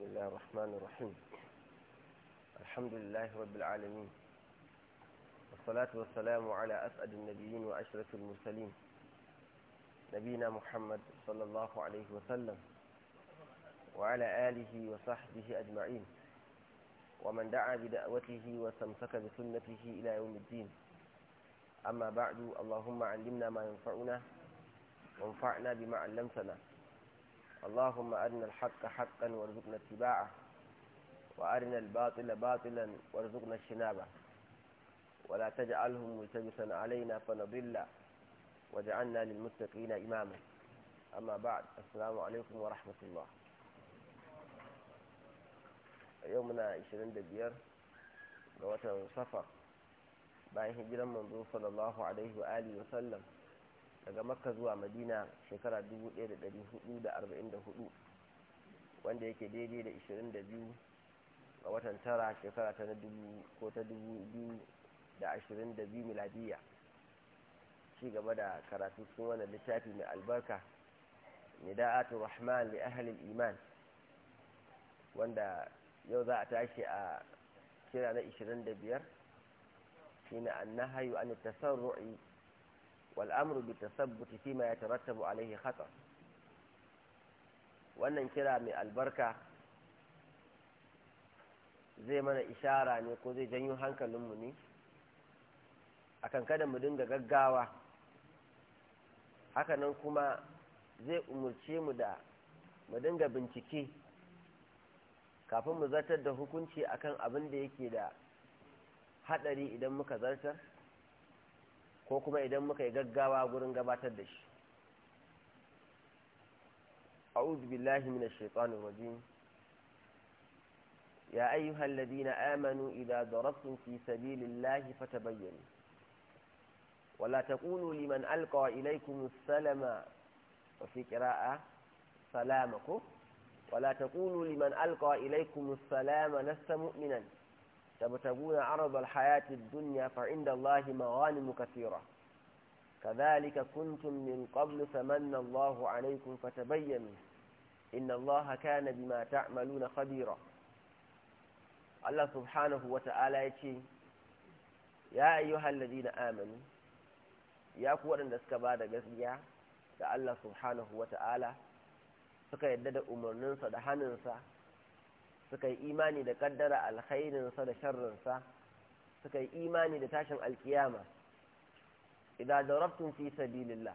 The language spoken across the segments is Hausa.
بسم الله الرحمن الرحيم الحمد لله رب العالمين والصلاة والسلام على أسعد النبيين وأشرف المرسلين نبينا محمد صلى الله عليه وسلم وعلى آله وصحبه أجمعين ومن دعا بدعوته واستمسك بسنته إلى يوم الدين أما بعد اللهم علمنا ما ينفعنا وانفعنا بما علمتنا اللهم أرنا الحق حقا وارزقنا اتباعه وأرنا الباطل باطلا وارزقنا اجتنابه ولا تجعلهم ملتبسا علينا فنضل واجعلنا للمتقين إماما أما بعد السلام عليكم ورحمة الله يومنا 20 دبير watan safar bayan hijiran manzo sallallahu alaihi wa alihi wa daga makka zuwa madina shekara 1444 wanda yake daidai da 22 a watan tara shekara ta dubu ko ta dubu biyu da ashirin da biyu miladiya ci gaba da karatu sun wani littafi mai albarka nida'atu rahman li ahli iman wanda yau za a tashi a kira na 25 shine hayu an tasarru'i والأمر بالتثبت فيما يترتب عليه خطر wannan kira mai albarka zai mana ishara ne ko zai janyo hankalinmu ne akan kada mu dinga gaggawa hakanan kuma zai umarce mu da mu dinga bincike kafin mu zartar da hukunci akan abin da yake da hadari idan muka zartar ko kuma idan muka yi gaggawa gurin gabatar da shi أعوذ بالله من الشيطان الرجيم يا أيها الذين آمنوا إذا ضربتم في سبيل الله فتبينوا ولا تقولوا لمن ألقى إليكم السلام وفي قراءة سلامكم ولا تقولوا لمن ألقى إليكم السلام لست مؤمنا tabtaguna arda alhayati ad-dunya fa inda allahi maghanim kathira kadhalika kuntum min qablu famanna allahu alaykum fatabayyanu inna allaha kana bima na khabira allah subhanahu wa ta'ala yace ya ayyuhalladhina amanu ya ku wadanda suka bada gaskiya da allah subhanahu wa ta'ala suka yarda da umarninsa da hannunsa suka yi imani da kaddara alkhairinsa da sharrinsa suka yi imani da tashin alkiyama idan darabtum fi sabilillah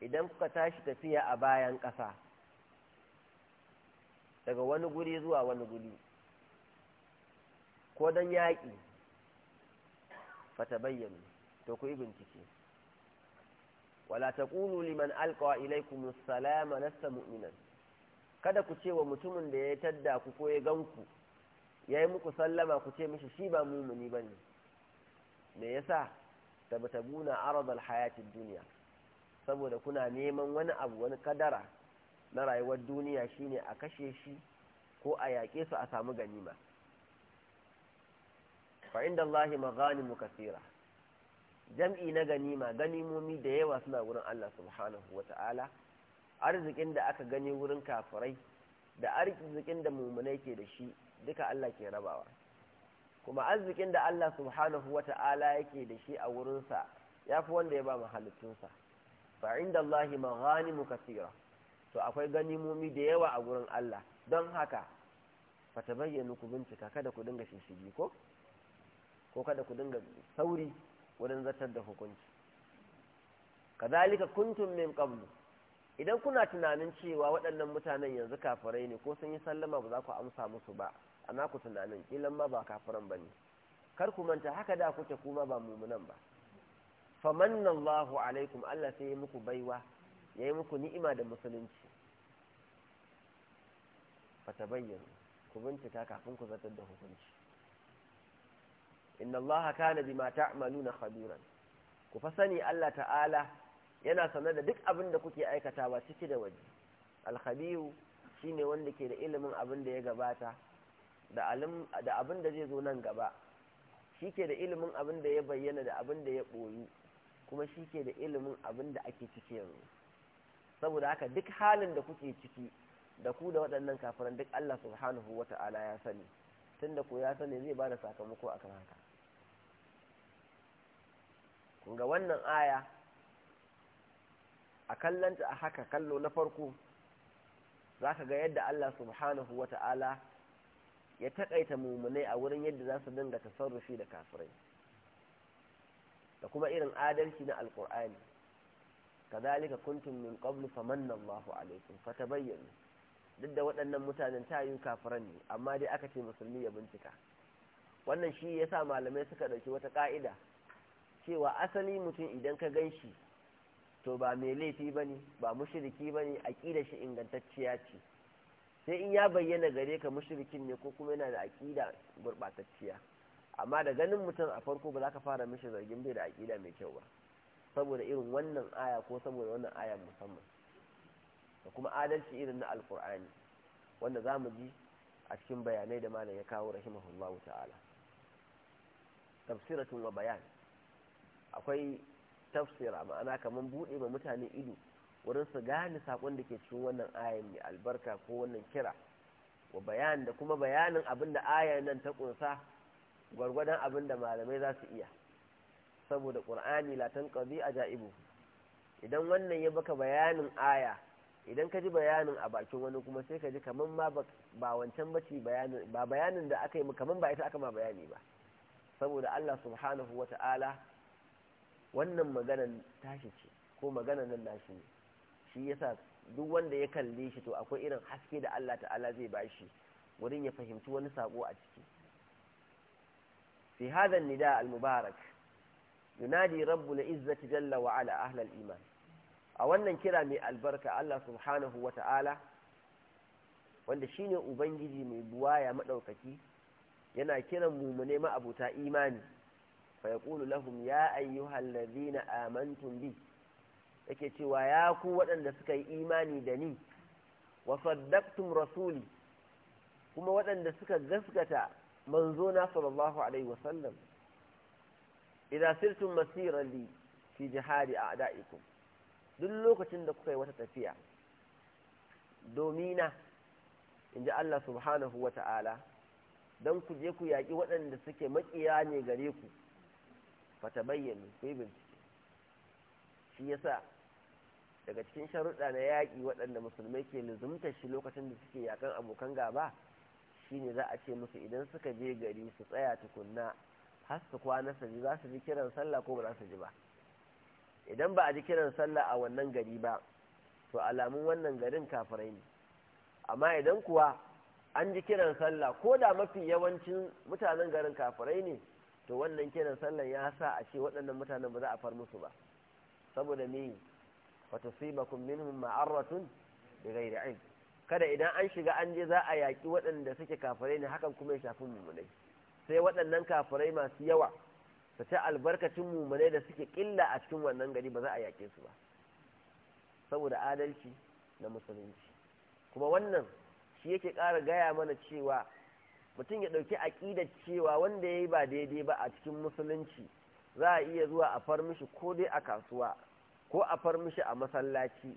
idan kuka tashi tafiya a bayan ƙasa daga wani guri zuwa wani guri ko don yaƙi fata bayyana to ku yi bincike wala taqulu liman alqa ilaykum assalama lasta mu'minan kada ku ce wa mutumin da ya tadda ku ko ya ganku ya yi muku sallama ku ce mishi shi ba mumuni ba ne me yasa na arabal hayatin duniya saboda kuna neman wani abu wani kadara na rayuwar duniya shine a kashe shi ko a yaƙe su a samu ganima fa inda Allahi maganimu kasira jam'i na ganima ganimomi da yawa suna wurin Allah subhanahu wa ta'ala arzikin da aka gani wurin kafirai da arzikin da mumunai ke da shi duka Allah ke rabawa kuma arzikin da Allah subhanahu wa ta'ala yake da shi a wurinsa ya fi wanda ya ba mahalittunsa fa inda Allah maghanimu kasira to akwai ganimomi da yawa a wurin Allah don haka fa bayyana ku bincika kada ku dinga shishigi ko ko kada ku dinga sauri wurin zartar da hukunci kazalika kuntum min qablu idan kuna tunanin cewa waɗannan mutanen yanzu kafirai ne ko sun yi sallama ba za ku amsa musu ba a naku tunanin kilan ma ba kafiran ba ne kar ku manta haka da kuke kuma ba mummunan ba famannan lahu alaikum Allah sai ya muku baiwa ya yi muku ni'ima da musulunci fata bayyana ku bincika kafin ku zartar da hukunci inna Allah kana bima ta'maluna khabiran ku fa sani Allah ta'ala yana sanar da duk abin da kuke aikata ba ciki da waje shi shine wanda ke da ilimin abin da ya gabata da abin da zai zo nan gaba shi ke da ilimin abin da ya bayyana da abin da ya ɓoyi kuma shi ke da ilimin abin da ake ciki yanzu saboda haka duk halin da kuke ciki da ku da waɗannan kafiran duk Allah subhanahu wa ta'ala ya sani tun da ku ya sani zai ba da sakamako akan haka kun ga wannan aya a kallanta a haka kallo na farko za ka ga yadda Allah subhanahu wa ta'ala ya taƙaita mummunai a wurin yadda za su dinga tasarrufi da kafirai da kuma irin adalci na alƙur'ani kazalika kuntum min qablu famanna Allahu alaikum fatabayyanu duk da waɗannan mutanen ta yi kafiran ne amma dai aka ce musulmi ya bincika wannan shi yasa malamai suka ɗauki wata ƙa'ida cewa asali mutum idan ka gan shi to ba mai laifi ba ne ba mushiriki ba ne a ƙida shi ingantacciya ce sai in ya bayyana gare ka mushirikin ne ko kuma yana da aƙida gurɓatacciya amma da ganin mutum a farko ba za ka fara mishi zargin bai da aƙida mai kyau ba saboda irin wannan aya ko saboda wannan aya musamman da kuma adalci irin na Alƙur'ani wanda za mu ji a cikin bayanai da malam ya kawo rahimahullahu ta'ala tafsiratun wa bayan akwai tafsira ma'ana kamar buɗe ma mutane ido wurin su gane saƙon da ke cikin wannan ayan mai albarka ko wannan kira wa bayan da kuma bayanin abin da ayan nan ta ƙunsa, gwargwadon abin da malamai za su iya saboda ƙur'ani latan ƙazi a ja'ibu idan wannan ya baka bayanin aya idan ka ji bayanin a bakin wani kuma sai ka ji kaman ma ba wancan bace bayanin ba bayanin da aka yi kaman ba ita aka ma bayani ba saboda Allah subhanahu wata'ala wannan maganan tashi ce ko maganan nan nashi ne shi yasa duk wanda ya kalle shi to akwai irin haske da Allah ta'ala zai ba shi wurin ya fahimci wani sako a ciki fi hadha nida al-mubarak yunadi rabbul izzati jalla wa ala ahli al-iman a wannan kira mai albarka Allah subhanahu wa ta'ala wanda shine ubangiji mai buwaya madaukaki yana kiran mu mu ma abuta imani fa lahum ya ayyuhal ladhina amantum bi yake cewa ya ku waɗanda suka yi imani da ni wa saddaqtum rasuli kuma waɗanda suka gaskata manzona sallallahu alaihi wasallam idan sirtum masira li fi jihadi a'da'ikum duk lokacin da kuka yi wata tafiya domina in Allah subhanahu wa ta'ala don ku je ku yaƙi waɗanda suke maƙiya ne gare ku fata bayyana sai bincike shi yasa daga cikin sharuɗa na yaƙi waɗanda musulmai ke luzumta shi lokacin da suke yakan abokan gaba shine za a ce musu idan suka je gari su tsaya tukunna har su kwana su ji za su ji kiran sallah ko ba za su ji ba idan ba a ji kiran sallah a wannan gari ba to alamun wannan garin kafirai ne amma idan kuwa an ji kiran sallah ko da mafi yawancin mutanen garin kafirai ne to wannan kenan sallan ya sa a ce waɗannan mutanen ba za a far musu ba saboda me wa tusibakum minhum ma'aratun bi da ilm kada idan an shiga an je za a yaƙi waɗanda suke kafirai ne hakan kuma ya shafi mummunai sai waɗannan kafirai masu yawa su ci albarkacin mummunai da suke killa a cikin wannan gari ba za a yake su ba saboda adalci na musulunci kuma wannan shi yake ƙara gaya mana cewa mutum ya ɗauki aƙidar cewa wanda ya yi ba daidai ba a cikin musulunci za a iya zuwa a far mishi ko dai a kasuwa ko a far mishi a masallaci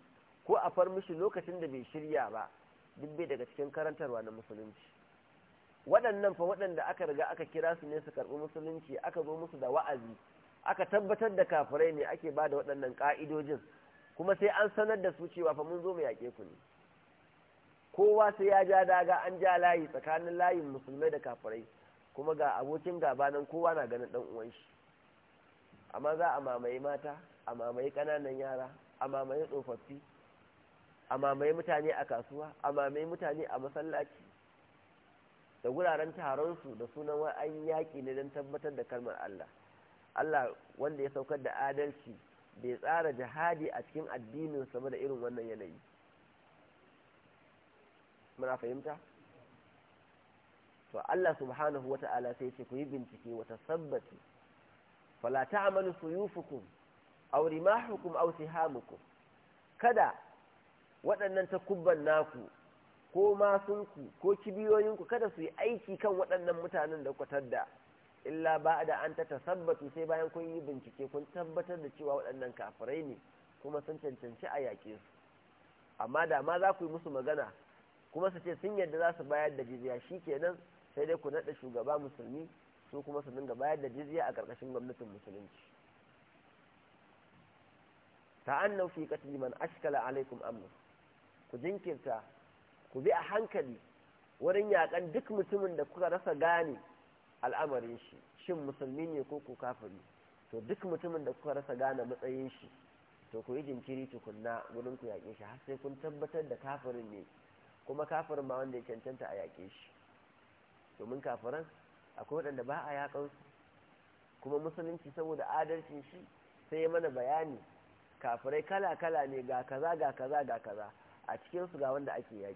ko a far mishi lokacin da bai shirya ba duk bai daga cikin karantarwa na musulunci waɗannan fa waɗanda aka riga aka kira su ne su karɓi musulunci aka zo musu da wa'azi aka tabbatar da kafirai ne ake ba da waɗannan ƙa'idojin kuma sai an sanar da su cewa fa mun zo mu yaƙe ku ne kowa sai ya ja daga an ja layi tsakanin layin musulmai da kafirai kuma ga abokin gaba nan kowa na ganin dan uwan shi amma za a mamaye mata a mamaye kananan yara a mamaye tsofaffi a mamaye mutane a kasuwa a mamaye mutane a masallaci da guraren taron su da sunan wai an yaƙi ne don tabbatar da kalmar Allah Allah wanda ya saukar da adalci bai tsara jihadi a cikin addinin sama da irin wannan yanayi muna fahimta to Allah subhanahu wata'ala sai ce ku yi bincike wa tasabbatu fala ta'malu suyufukum aw rimahukum aw sihamukum kada waɗannan takubban naku ko masunku ko kibiyoyinku kada su yi aiki kan waɗannan mutanen da kwatar da illa ba da an ta tasabbatu sai bayan kun yi bincike kun tabbatar da cewa waɗannan kafirai ne kuma sun cancanci a yaƙe su amma da ma za ku yi musu magana kuma su ce sun yarda za su bayar da jizya shi kenan sai dai ku naɗa shugaba musulmi su kuma su dinga bayar da jizya a ƙarƙashin gwamnatin musulunci ta ta'annan fi katli man ashkala alaikum amma ku jinkirta ku bi a hankali wurin yakan duk mutumin da kuka rasa gane al'amarin shi shin musulmi ne ko ku kafiri to duk mutumin da kuka rasa gane matsayin shi to ku yi jinkiri tukunna wurin ku yaƙe shi har sai kun tabbatar da kafirin ne kuma kafirin ba wanda ya cancanta a yaƙe shi domin kafiran akwai waɗanda ba a yaƙansu kuma musulunci saboda adalcin shi sai mana bayani kafirai kala-kala ne ga kaza ga kaza ga kaza a cikinsu ga wanda ake yaƙi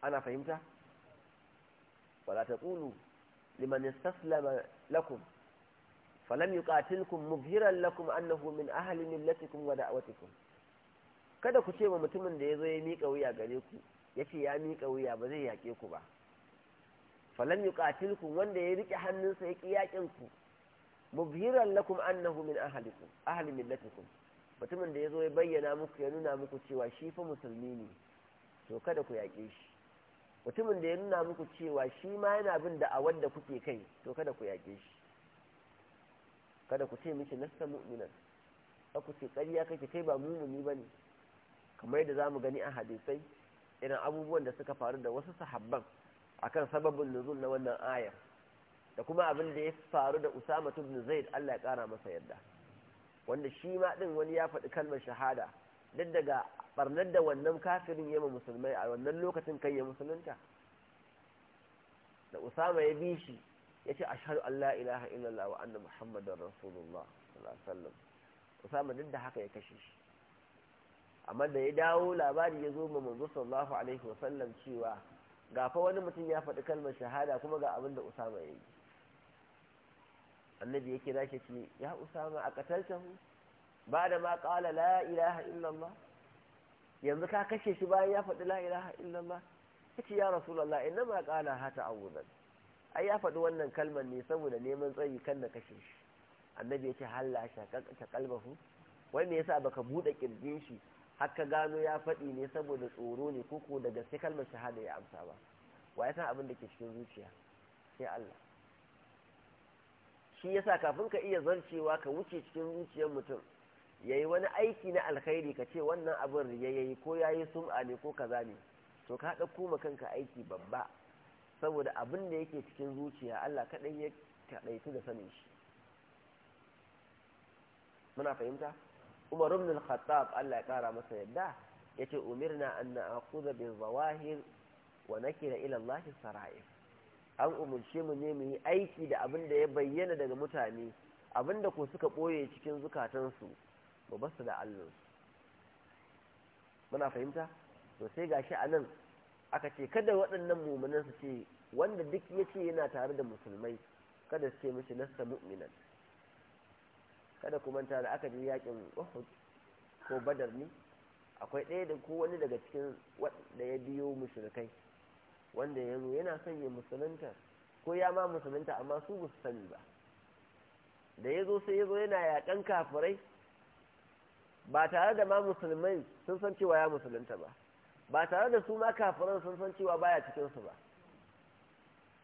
ana fahimta? wala ta ƙulu liman istaslama lakum falam yuqatilkum mubhiran lakum annahu min ahli millatikum wa da'watikum kada ku ce ma mutumin da ya zo ya miƙa wuya gare ku ya ce ya miƙa wuya ba zai yaƙe ku ba falam yuqatilkum wanda ya riƙe hannunsa ya ƙi yaƙin ku mubhiran lakum annahu min ahlikum ahli millatikum mutumin da ya zo ya bayyana muku ya nuna muku cewa shi fa musulmi ne to kada ku yaƙe shi mutumin da ya nuna muku cewa shi ma yana bin da a wanda kuke kai to kada ku yaƙe shi kada ku ce mishi nasta mu'minan ku ce ƙarya kake kai ba mumuni ba ne kamar yadda zamu gani a hadisai irin abubuwan da suka faru da wasu sahabban akan sababin nuzul na wannan ayar da kuma abin da ya faru da Usama ibn Zaid Allah ya kara masa yadda wanda shi ma din wani ya faɗi kalmar shahada duk daga barnar da wannan kafirin ya ma musulmai a wannan lokacin kai ya musulunta da Usama ya bi shi ya ce ashhadu an la ilaha illallah wa anna muhammadar rasulullah Usama duk da haka ya kashe shi amma da ya dawo labari ya zo ma manzo sallallahu alaihi wasallam cewa ga fa wani mutum ya faɗi kalmar shahada kuma ga abin da usama ya yi annabi yake za shi ce ya usama a hu ba da ma kala la ilaha illallah yanzu ka kashe shi bayan ya faɗi la ilaha illallah kace ya rasulullah inna ma kala ha awuzan ai ya faɗi wannan kalmar ne saboda neman tsayi kan da kashe shi annabi yace halla shaqqa wani ya sa yasa baka bude kirjin shi haka gano ya faɗi ne saboda tsoro ne kuku da gaske kalmar shahada ya amsa ba wa ya san abin da ke cikin zuciya sai Allah shi yasa kafin ka iya zarcewa ka wuce cikin zuciyar mutum yayi wani aiki na alkhairi ka ce wannan abin riya yayi ko yayi sum'a ne ko kaza ne to ka haɗa ma kanka aiki babba saboda abin da yake cikin zuciya Allah kaɗai ya kaɗaitu da sanin shi muna fahimta umar ibn al-khattab Allah ya kara masa yadda yace umirna an na'khudha bil zawahir wa nakira ila Allah sara'ir an umurce mu ne mu yi aiki da abinda ya bayyana daga mutane abinda da ko suka boye cikin zukatansu mu basu da Allah muna fahimta to sai gashi anan aka ce kada waɗannan mu'minan su ce wanda duk yace yana tare da musulmai kada su ce mishi nasta mu'minan kada ku manta da aka je yakin uhud ko badar ne akwai ɗaya da ko wani daga cikin wanda ya biyo mushrikai wanda ya zo yana son ya musulunta ko ya ma musulunta amma su ba su sani ba da ya zo sai ya zo yana yakan kafirai ba tare da ma musulmai sun san cewa ya musulunta ba ba tare da su ma kafiran sun san cewa baya cikinsu ba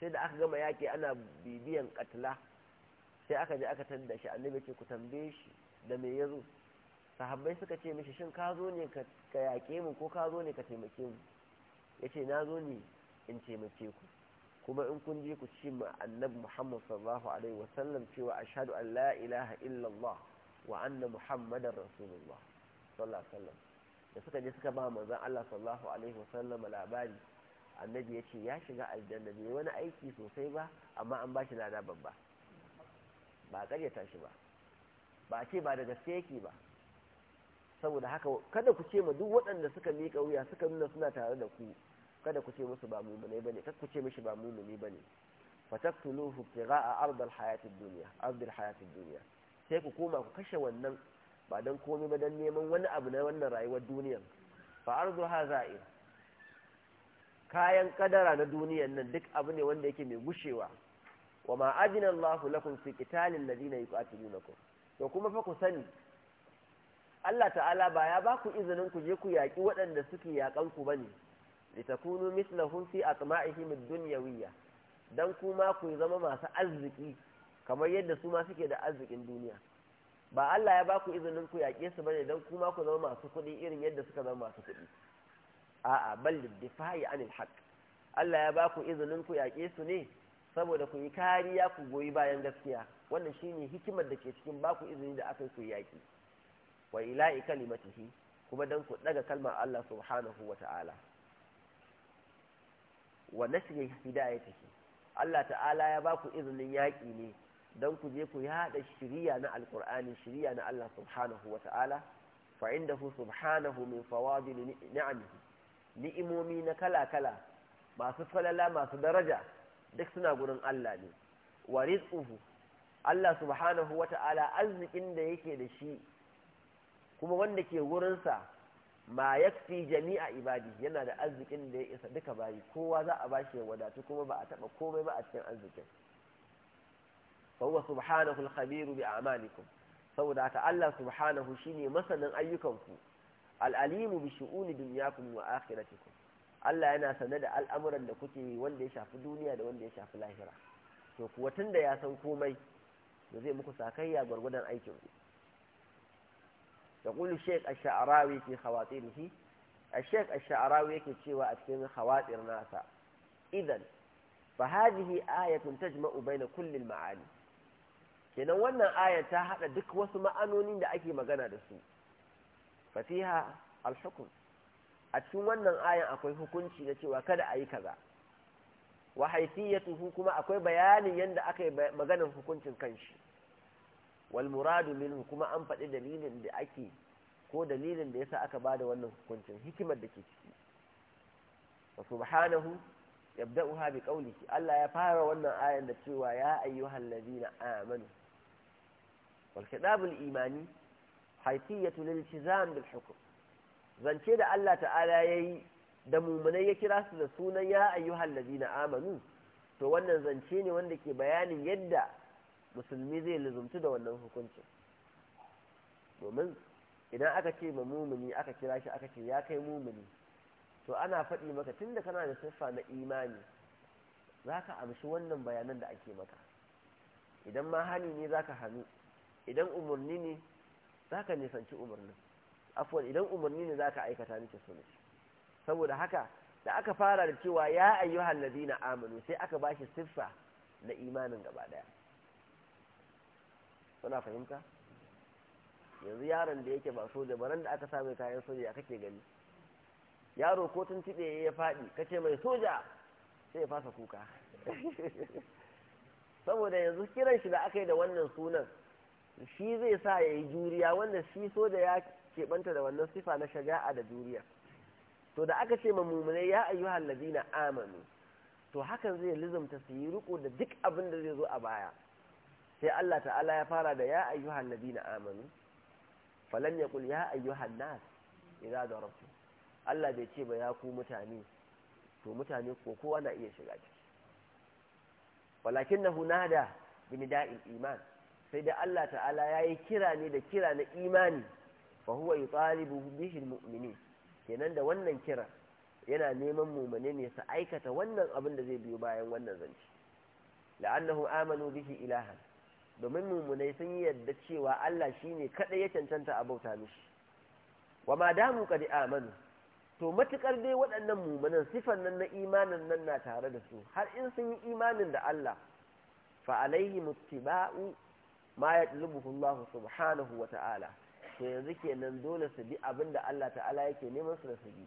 sai da aka gama yaƙi ana bibiyan katla sai aka je aka tanda shi annabi ce ku tambaye shi da me ya zo sahabbai suka ce mishi shin ka zo ne ka yaƙe mu ko ka zo ne ka taimake mu ya ce na zo ne in taimake ku kuma in kun je ku ci ma annabi muhammad sallallahu alaihi wasallam cewa ashhadu an la ilaha illallah wa anna muhammadar rasulullah sallallahu alaihi da suka je suka ba manzon Allah sallallahu alaihi wasallam labari annabi ya ce ya shiga aljanna bai wani aiki sosai ba amma an ba shi lada babba ba a karyata shi ba ba a ce ba da gaske yake ba saboda haka kada ku ce ma duk waɗanda suka miƙa wuya suka nuna suna tare da ku kada ku ce musu ba mumunai bane kada ku ce mishi ba mumuni bane fataktuluhu ibtigha'a ardal hayatid dunya ardal hayatid dunya sai ku koma ku kashe wannan ba dan komai ba dan neman wani abu na wannan rayuwar duniyar fa ardu haza'ir kayan kadara na duniyar nan duk abu ne wanda yake mai gushewa wa ma adina Allah lakum fi qitalil ladina yuqatilunakum to kuma fa ku sani Allah ta'ala ba ya ba ku izinin ku je ku yaƙi waɗanda suke yaƙan ku bane litakunu mislahum fi atma'ihim ad-dunyawiyya dan kuma ku zama masu arziki kamar yadda su ma suke da arzikin duniya ba Allah ya ba ku izinin ku yaƙe su bane dan kuma ku zama masu kuɗi irin yadda suka zama masu kuɗi a'a bal liddifa'i anil haqq Allah ya ba ku izinin ku yaƙe su ne saboda ku yi kariya ku goyi bayan gaskiya wannan shi ne hikimar da ke cikin baku izini da aka yi ku yaki wa ila'i kalimatihi kuma don ku ɗaga kalmar Allah subhanahu wa ta'ala wa hidaya hidayatihi Allah ta'ala ya baku izinin yaƙi ne Don ku je ku haɗa shiriya na alƙur'ani shiriya na Allah subhanahu wa ta'ala fa indahu subhanahu min fawadil ni'amihi ni'imomi na kala kala masu falala masu daraja duk suna gurin Allah ne wa rizquhu Allah subhanahu wata'ala arzikin da yake da shi kuma wanda ke sa ma yakfi jami'a ibadi yana da arzikin da ya isa duka bayi kowa za a bashi ya wadatu kuma ba a taba komai ba a cikin arzikin fa huwa subhanahu al-khabiru bi a'malikum saboda haka Allah subhanahu shine masanin ayyukan ayyukanku al-alimu bi shu'uni dunyakum wa akhiratikum Allah yana sane da al'amuran da kuke yi wanda ya shafi duniya da wanda ya shafi lahira to kuwa da ya san komai da zai muku sakayya gwargwadon aikin ku يقول الشيخ الشعراوي yake cewa a cikin يكتشوى nasa, Idan ناسا إذن فهذه آية تجمع na kullum Ma'ani. kenan wannan aya ta haɗa duk wasu ma'anonin da ake magana da su fatiha al-hukm a cikin wannan ayan akwai hukunci na cewa kada a yi kaza wa haifiyatuhu kuma akwai bayani yadda aka yi maganin hukuncin kanshi wal muradu minhu kuma an faɗi dalilin da ake ko dalilin da yasa aka bada wannan hukuncin hikimar da ke ciki wa subhanahu yabda'uha bi qawlihi Allah ya fara wannan ayan da cewa ya ayyuhal ladina amanu wal kitabul imani haifiyatu lil bil hukm zance da Allah ta'ala ya yi da mumunai ya kira su da sunan ya ayyuhal na amanu to wannan zance ne wanda ke bayanin yadda musulmi zai lizumci da wannan hukuncin domin idan aka ce ma mummuni aka kira shi aka ce ya kai mummuni to ana faɗi maka tun da kana da siffa na imani za ka amshi wannan bayanan da ake maka idan ma hani ne za ka hannu idan umarni ne za ka nisanci umarnin afwan idan umarni ne zaka aikata nake so nake saboda haka da aka fara da cewa ya ayyuhal ladina amanu sai aka bashi siffa na imanin gaba daya kuna fahimta yanzu yaron da yake ba soja baran da aka samu kayan soja kake gani yaro ko tun tibe ya faɗi kace mai soja sai ya fasa kuka saboda yanzu kiran shi da aka yi da wannan sunan shi zai sa ya yi juriya wanda shi soja ya keɓanta da wannan sifa na shaja'a da duniya to da aka ce ma ya ya ayyuhal na amanu to hakan zai lizumta su yi riko da duk abin da zai zo a baya sai Allah ta'ala ya fara da ya ayyuhal na amanu falan yaqul ya ayyuhan za idza darabtum Allah bai ce ba ya ku mutane to mutane ko kowa na iya shiga ciki walakinahu nada bi nida'il iman sai da Allah ta'ala yayi kira ne da kira na imani fa huwa yutalibu bihi almu'minin kenan da wannan kira yana neman mumane ne su aikata wannan abin da zai biyo bayan wannan zance la'annahu amanu bihi ilahan domin mumunai sun yi yarda cewa Allah shine kada ya cancanta a bauta mishi wa ma damu kad amanu to matukar dai waɗannan mumunan sifan nan na imanin nan na tare da su har in sun yi imanin da Allah fa alaihi muttiba'u ma yatlubuhu Allah subhanahu wa ta'ala to yanzu kenan dole su bi abin da Allah ta'ala yake neman su da su bi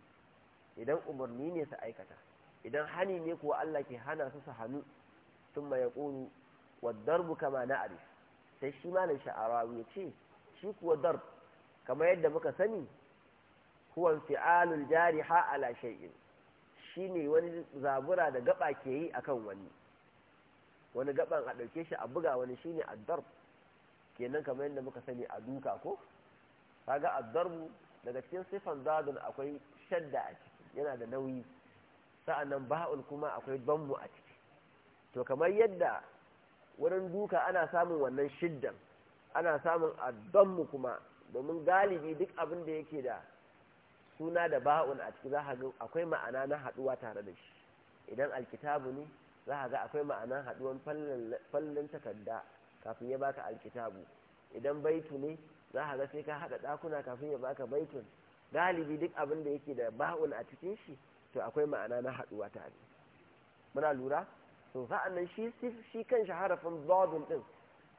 idan umarni ne su aikata idan hani ne kuwa Allah ke hana su su hannu sun ma ya waddar wadarbu kama na arif sai shi malam sha'awa ya ce shi kuwa darb kama yadda muka sani kuwan fi'alul jari ha ala shay'in shine wani zabura da gaba ke yi a kan wani wani gaban a ɗauke shi a buga wani shi shine addarb kenan kamar yadda muka sani a duka ko kaga addarbu daga cikin sifan zadun akwai shadda a ciki yana da nauyi sa'annan ba'ul kuma akwai dammu a ciki to kamar yadda wurin duka ana samun wannan shiddan ana samun addammu kuma domin galibi duk abin da yake da suna da ba'un a ciki za ga akwai ma'ana na haduwa tare da shi idan alkitabu ne za ga akwai ma'ana haduwan fallin takarda kafin ya baka alkitabu idan baitu ne za a sai ka haɗa ɗakuna kafin ya baka baitun galibi duk abin da yake da ba'un a cikin shi to akwai ma'ana na haɗuwa tare muna lura to sa'an nan shi kan shi harafin ɗin din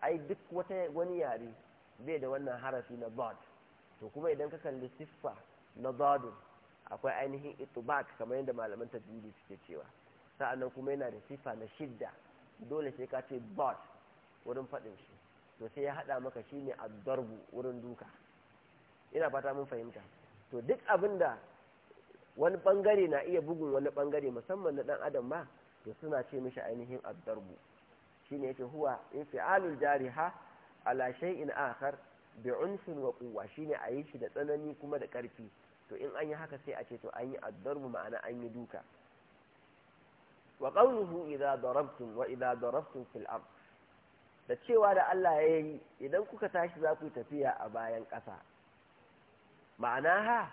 ai duk wata wani yare bai da wannan harafi na dod to kuma idan ka kalli siffa na dodun akwai ainihin itubak kamar yadda malaman tajiri suke cewa sa'an nan kuma yana da siffa na shidda dole sai ka ce dod wurin faɗin shi to sai ya hada maka shine addarbu wurin duka ina fata mun fahimta to duk abinda wani bangare na iya bugun wani bangare musamman na dan adam ba to suna ce mishi ainihin addarbu shine yake huwa infi'alul jariha ala shay'in akhar bi unfin wa quwwa shine a yi shi da tsanani kuma da karfi to in an yi haka sai a ce to an yi addarbu ma'ana an yi duka wa qawluhu idza darabtum wa idza darabtum fil ardh da cewa da Allah ya yi idan kuka tashi za ku yi tafiya a bayan ƙasa ma'ana ha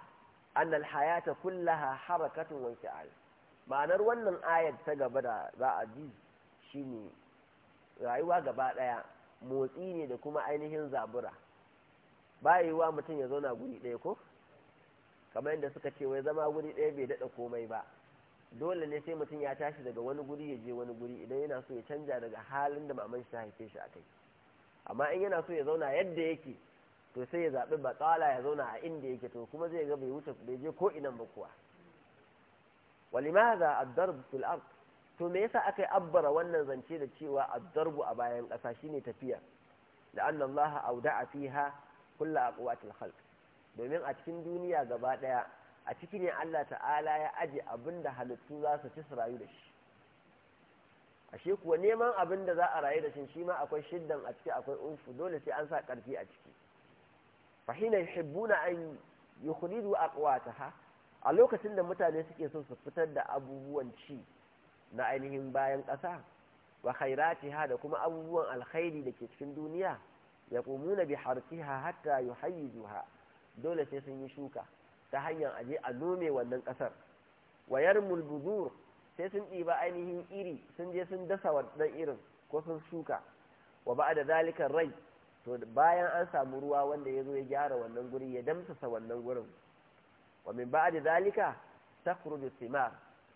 an ta kullaha harakatun wanke al. ma'anar wannan ayat ta gaba da za a ji shine rayuwa gaba ɗaya motsi ne da kuma ainihin zabura Ba wa mutum ya zauna guri ɗaya ko kamar yadda suka ce wai zama guri ɗaya bai daɗa komai ba dole ne sai mutum ya tashi daga wani guri ya je wani guri idan yana so ya canja daga halin da maman shi ta haife shi a kai amma in yana so ya zauna yadda yake to sai ya zaɓi batsala ya zauna a inda yake to kuma zai ga bai wuce bai je ko inan ba kuwa walimaza ad fil ard to me yasa akai abbara wannan zance da cewa ad-darbu a bayan ƙasa shine tafiya da anna auda a fiha a aqwatil khalq domin a cikin duniya gaba daya a cikin ne Allah ta'ala ya aje abin da halittu za su ci su rayu da shi ashe kuwa neman abin da za a rayu da shi shi ma akwai shiddan a ciki akwai unfu dole sai an sa karfi a ciki fahina yuhibbuna an yukhridu aqwataha a lokacin da mutane suke so su fitar da abubuwan ci na ainihin bayan ƙasa wa ha, da kuma abubuwan alkhairi da ke cikin duniya yaqumuna bi ha, hatta yuhayyiduha dole sai sun yi shuka ta hanyar aje a nome wannan ƙasar wayar mulbudur sai sun ɗiba ainihin iri sun je sun dasa wannan irin ko sun shuka wa ba da zalikan rai to bayan an samu ruwa wanda ya zo ya gyara wannan guri ya damsasa wannan gurin wa min ba da zalika takhruju thimar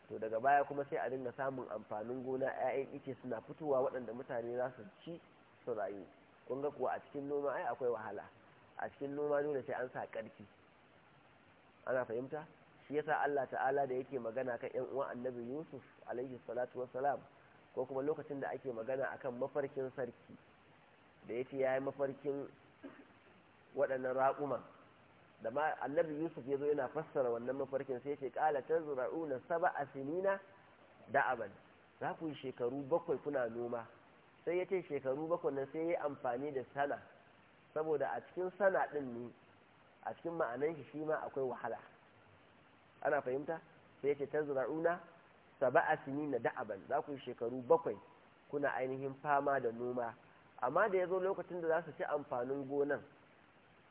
to daga baya kuma sai a dinga samun amfanin gona 'ya'yan ice suna fitowa waɗanda mutane za su ci su rayu kun ga kuwa a cikin noma ai akwai wahala a cikin noma dole sai an sa ƙarfi ana fahimta shi yasa Allah ta'ala da yake magana kan ƴan uwan annabi Yusuf alaihi salatu wassalam ko kuma lokacin da ake magana akan mafarkin sarki da yace yayi mafarkin waɗannan raquma da ma annabi Yusuf yazo yana fassara wannan mafarkin sai yace qala tazra'una sab'a sinina da'aban za ku yi shekaru bakwai kuna noma sai yace shekaru bakwai nan sai yayi amfani da sana saboda a cikin sana din ne a cikin ma'anan shi shi ma akwai wahala ana fahimta sai yace ta zura'una saba'a sini na da'aban za ku yi shekaru bakwai kuna ainihin fama da noma amma da ya zo lokacin da za su ci amfanin gonan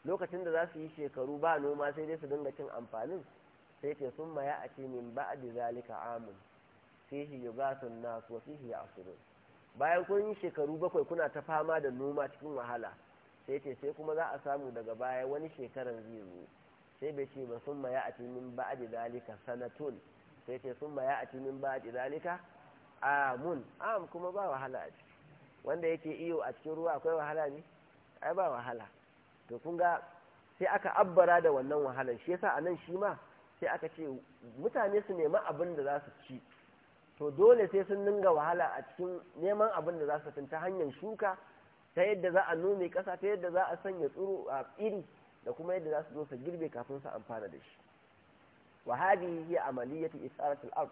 lokacin da za su yi shekaru ba noma sai dai su dinga cin amfanin sai ce sun maya a ce min ba da zalika amun fihi yugasun nasu wa fihi asrun bayan kun yi shekaru bakwai kuna ta fama da noma cikin wahala sai ce sai kuma za a samu daga baya wani shekaran zai zo sai bai ce ba sun ma ya cimin ba a zalika sanatun sai ce sun ma ya cimin ba a zalika amun am kuma ba wahala a ciki wanda yake iyo a cikin ruwa akwai wahala ne ai ba wahala to kun ga sai aka abbara da wannan wahalan shi yasa anan shi ma sai aka ce mutane su nemi abin da za su ci to dole sai sun dinga wahala a cikin neman abin da za su ta hanyar shuka ta yadda za a nome kasa ta yadda za a sanya tsuru a iri da kuma yadda za su zo su girbe kafin su amfana da shi wa hadi hi amaliyatu isaratul ard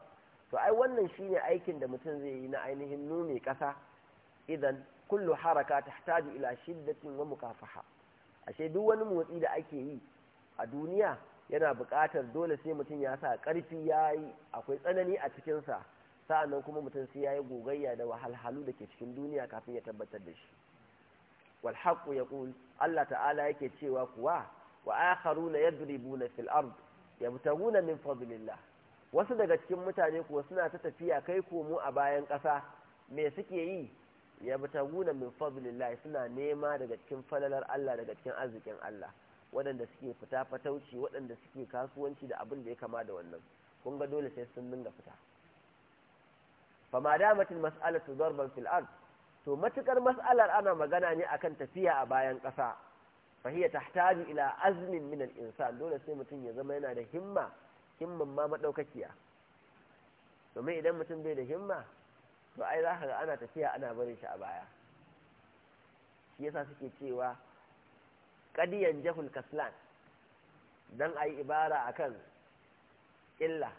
to ai wannan shine aikin da mutum zai yi na ainihin nome kasa idan kullu haraka tahtaju ila shiddatin wa mukafaha ashe duk wani motsi da ake yi a duniya yana buƙatar dole sai mutum ya sa ƙarfi ya yi akwai tsanani a cikinsa sa'annan kuma mutum sai ya yi gogayya da wahalhalu da ke cikin duniya kafin ya tabbatar da shi wal ya yaqul Allah ta'ala yake cewa kuwa wa akharuna yadribuna fil ard yabtaguna min fadlillah wasu daga cikin mutane kuwa suna ta tafiya kai komo a bayan ƙasa me suke yi yabtaguna min fadlillah suna nema daga cikin falalar Allah daga cikin arzikin Allah waɗanda suke fita fatauci waɗanda suke kasuwanci da abin da ya kama da wannan kun ga dole sai sun dinga fita fama damatin mas'alatu darban fil ard to matukar mas'alar ana magana ne akan tafiya a bayan ƙasa hiya tahtaju ila azmin min al-insan dole sai mutum ya zama yana da himma himman ma madaukakiya domin idan mutum bai da himma to ai za ka ga ana tafiya ana bari shi a baya shi yasa suke cewa qadiyan jahul kaslan dan ayi ibara akan illa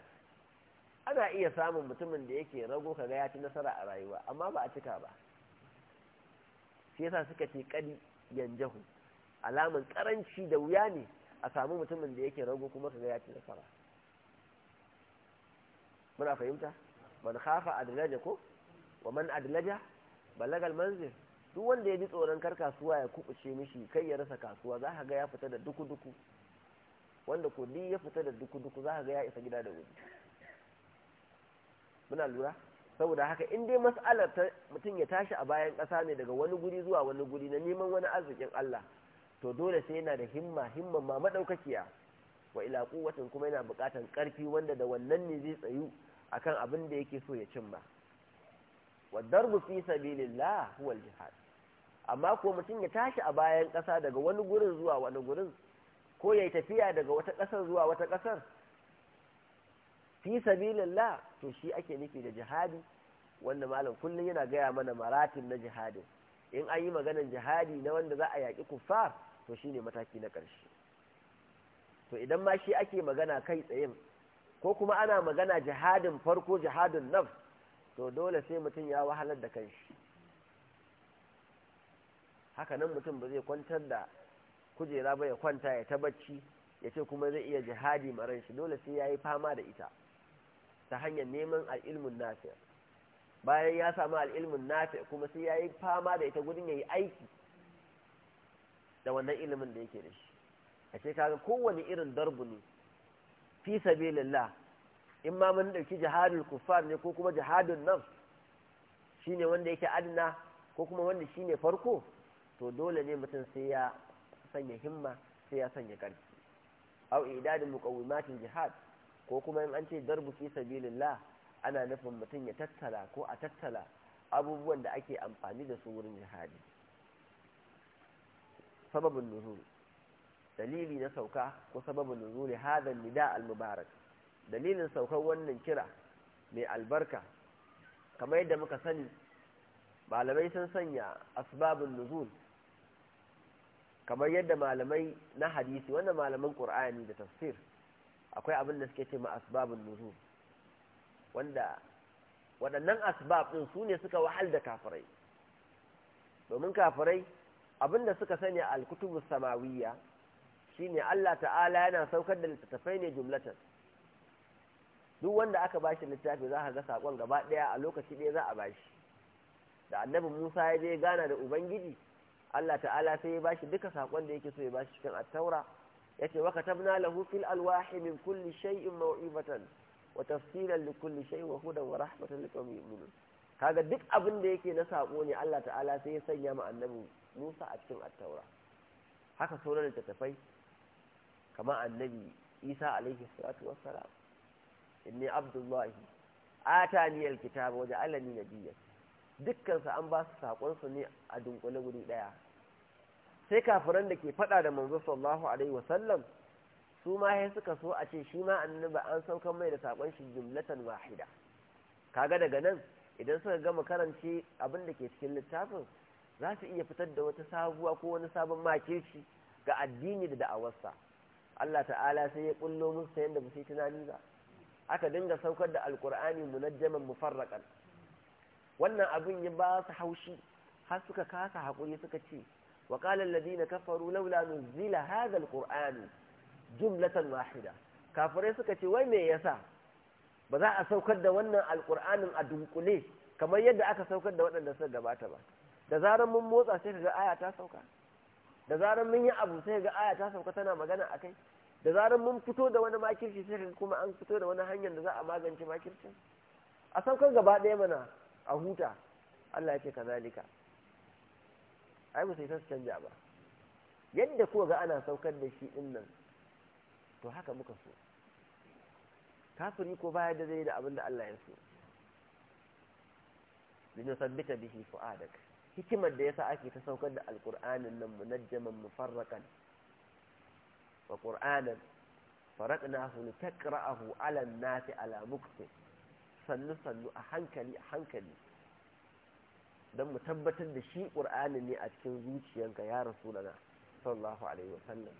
ana iya samun mutumin da yake rago kaga ya ci nasara a rayuwa amma ba a cika ba shi yasa suka ce kadi yanjahu alaman karanci da wuya ne a samu mutumin da yake rago kuma ka ga ya ci nasara muna fahimta man khafa adlaja ko wa man adlaja balagal manzil duk wanda ya ji tsoron kar kasuwa ya kubuce mishi kai ya rasa kasuwa za ka ga ya fita da duku duku wanda ko ya fita da duku duku za ka ga ya isa gida da wuri muna lura saboda haka in dai mas'alar ta mutum ya tashi a bayan ƙasa ne daga wani guri zuwa wani guri na neman wani arzikin Allah to dole sai yana da himma himman ma madaukakiya wa ila quwwatin kuma yana buƙatar ƙarfi wanda da wannan ne zai tsayu akan abin da yake so ya cimma wa darbu fi sabilillah huwa jihad amma ko mutum ya tashi a bayan ƙasa daga wani gurin zuwa wani gurin ko ya tafiya daga wata ƙasar zuwa wata ƙasar fi sabilillah to shi ake nufi da jihadi wanda malam kullum yana gaya mana maratin na jihadin in an yi maganar jihadi na wanda za a yaƙi kuffar to shi ne mataki na ƙarshe to idan ma shi ake magana kai tsayin ko kuma ana magana jihadin farko jihadin nafs to dole sai mutum ya wahalar da kanshi haka nan mutum ba zai kwantar da kujera ba ya kwanta ya ta bacci ya ce kuma zai iya jihadi maran shi dole sai ya yi fama da ita ta hanyar neman al'ilmin nafi bayan ya samu al'ilmin nafi kuma sai ya yi fama da ita gudun ya yi aiki da wannan ilimin da yake da shi a ce kaga kowane irin darbu ne fi lalla in ma mun ɗauki jihadul kufar ne ko kuma nan shi ne wanda yake adina ko kuma wanda shi ne farko to dole ne mutum sai ya sanya himma sai ya sanya karfi au idadin muqawimatil jihad ko kuma in an ce darbu fi sabilillah ana nufin mutum ya tattala ko a tattala abubuwan da ake amfani da su wurin jihadi sababin nuzul dalili na sauka ko sababin nuzuli hadha nida al-mubarak dalilin saukar wannan kira mai albarka kamar yadda muka sani malamai sun sanya asbabun nuzul kamar yadda malamai na hadisi wannan malaman qur'ani da tafsir akwai abin da suke ce ma asbabun nuzul wanda waɗannan asbab ɗin su ne suka wahal da kafirai domin kafirai abin da suka sani a alkutubu samawiyya shine Allah ta'ala yana saukar da littattafai ne jumlatan duk wanda aka bashi littafi za ka ga sakon gaba ɗaya a lokaci ɗaya za a bashi da annabi Musa ya je gana da ubangiji Allah ta'ala sai ya bashi duka sakon da yake so ya bashi cikin attaura yace wa katabna lahu fil alwahi min kulli shay'in mawibatan wa tafsilan li kulli shay'in wa hudan wa rahmatan liqaumin yu'minun kaga duk abin da yake na sako ne Allah ta'ala sai ya sanya ma annabi Musa a cikin at-taura haka sauran littattafai kamar annabi Isa alaihi salatu wassalam inni abdullahi atani alkitaba wa ja'alani nabiyyan dukkan su an ba su sakon su ne a dunkule guri daya sai kafiran da ke faɗa da manzo sallallahu alaihi wasallam su ma sai suka so a ce shi ma annabi an saukan mai da sakon shi jumlatan wahida kaga daga nan idan suka gama karance abin da ke cikin littafin za su iya fitar da wata sabuwa ko wani sabon makirci ga addini da da'awarsa Allah ta'ala sai ya kullo musu ta yadda ba su tunani ba aka dinga saukar da alkur'ani munajjaman mufarraqan wannan abin ya ba su haushi har suka kasa hakuri suka ce وقال الذين كفروا لولا نزل هذا القرآن جملة واحدة كافرين سكتي وين يسا بذا أسوكد a القرآن da كما يد a سوكد kamar yadda aka saukar da zaran mun motsa sai ga aya ta sauka da zaran mun yi abu sai ga aya ta sauka tana magana akai da zaran mun fito da wani makirci sai ga kuma an fito da wani hanyar da za a magance makircin a saukar gaba ɗaya mana a huta Allah ya ce kazalika ai ba sai ta canja ba yadda kuwa ga ana saukar da shi din nan to haka muka so kafiri ko baya da zai da abin da Allah ya so bin sabbita bihi fu'adak hikimar da yasa ake ta saukar da alqur'anin nan munajjaman mufarraqan wa qur'anan faraqnahu litaqra'ahu alan an-nasi 'ala muktin sannu sannu a hankali a hankali don mu tabbatar da shi ƙur'ani ne a cikin zuciyarka ya na sallallahu alaihi wasallam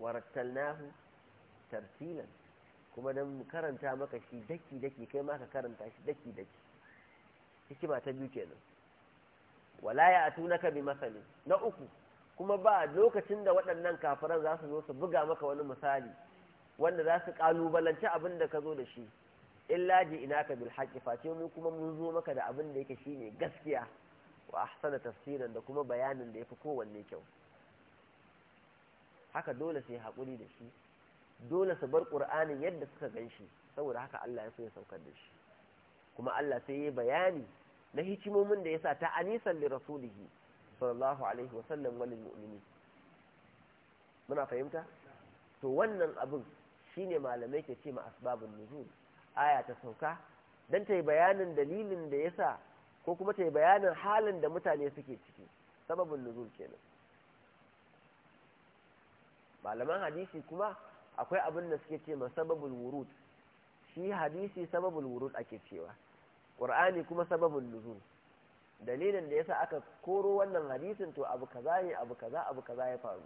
warattalnahu tartilan kuma don mu karanta maka shi daki-daki kai ma ka karanta shi daki-daki hikima ta biyu kenan wala ya atu ka bi masali na uku kuma ba lokacin da waɗannan kafiran za su zo su buga maka wani misali wanda za su ƙalubalance abin da ka zo da shi illa ji ina ka bil haqqi face mu kuma mun zo maka da abin da yake shine gaskiya wa ahsana tafsiran da kuma bayanin da yafi kowanne kyau haka dole sai hakuri da shi dole su bar qur'anin yadda suka ganshi saboda haka Allah ya so ya saukar da shi kuma Allah sai ya bayani na hikimomin da yasa ta anisan li rasulihi sallallahu alaihi wa sallam wal mu'minin muna fahimta to wannan abin shine malamai ke ce ma asbabun nuzul aya ta sauka don ta yi bayanin dalilin da ya sa ko kuma ta yi bayanin halin da mutane suke ciki sababin nuzul kenan malaman hadisi kuma akwai abin da suke ce sababul wurud shi hadisi sababul wurud ake cewa qur'ani kuma sababul nuzul dalilin da yasa aka koro wannan hadisin to abu kaza ne abu kaza abu kaza ya faru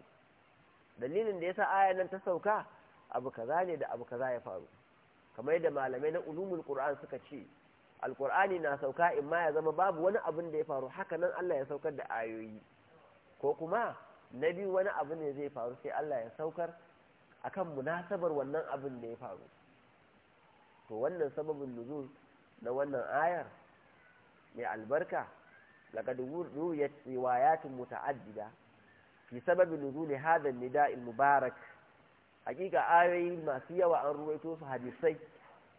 dalilin da yasa ayan nan ta sauka abu kaza ne da abu kaza ya faru kamar yadda malamai na ulumul qur'an suka ce alqur'ani na sauka in ma ya zama babu wani abin da ya faru haka nan Allah ya saukar da ayoyi ko kuma na biyu wani abu ne zai faru sai Allah ya saukar akan munasabar wannan abin da ya faru to wannan sababin nuzul na wannan ayar mai albarka laqad ru'yat riwayatun muta'addida fi sababi nuzuli hadha an-nida' al-mubarak hakika ayoyi masu yawa an ruwaito su hadisai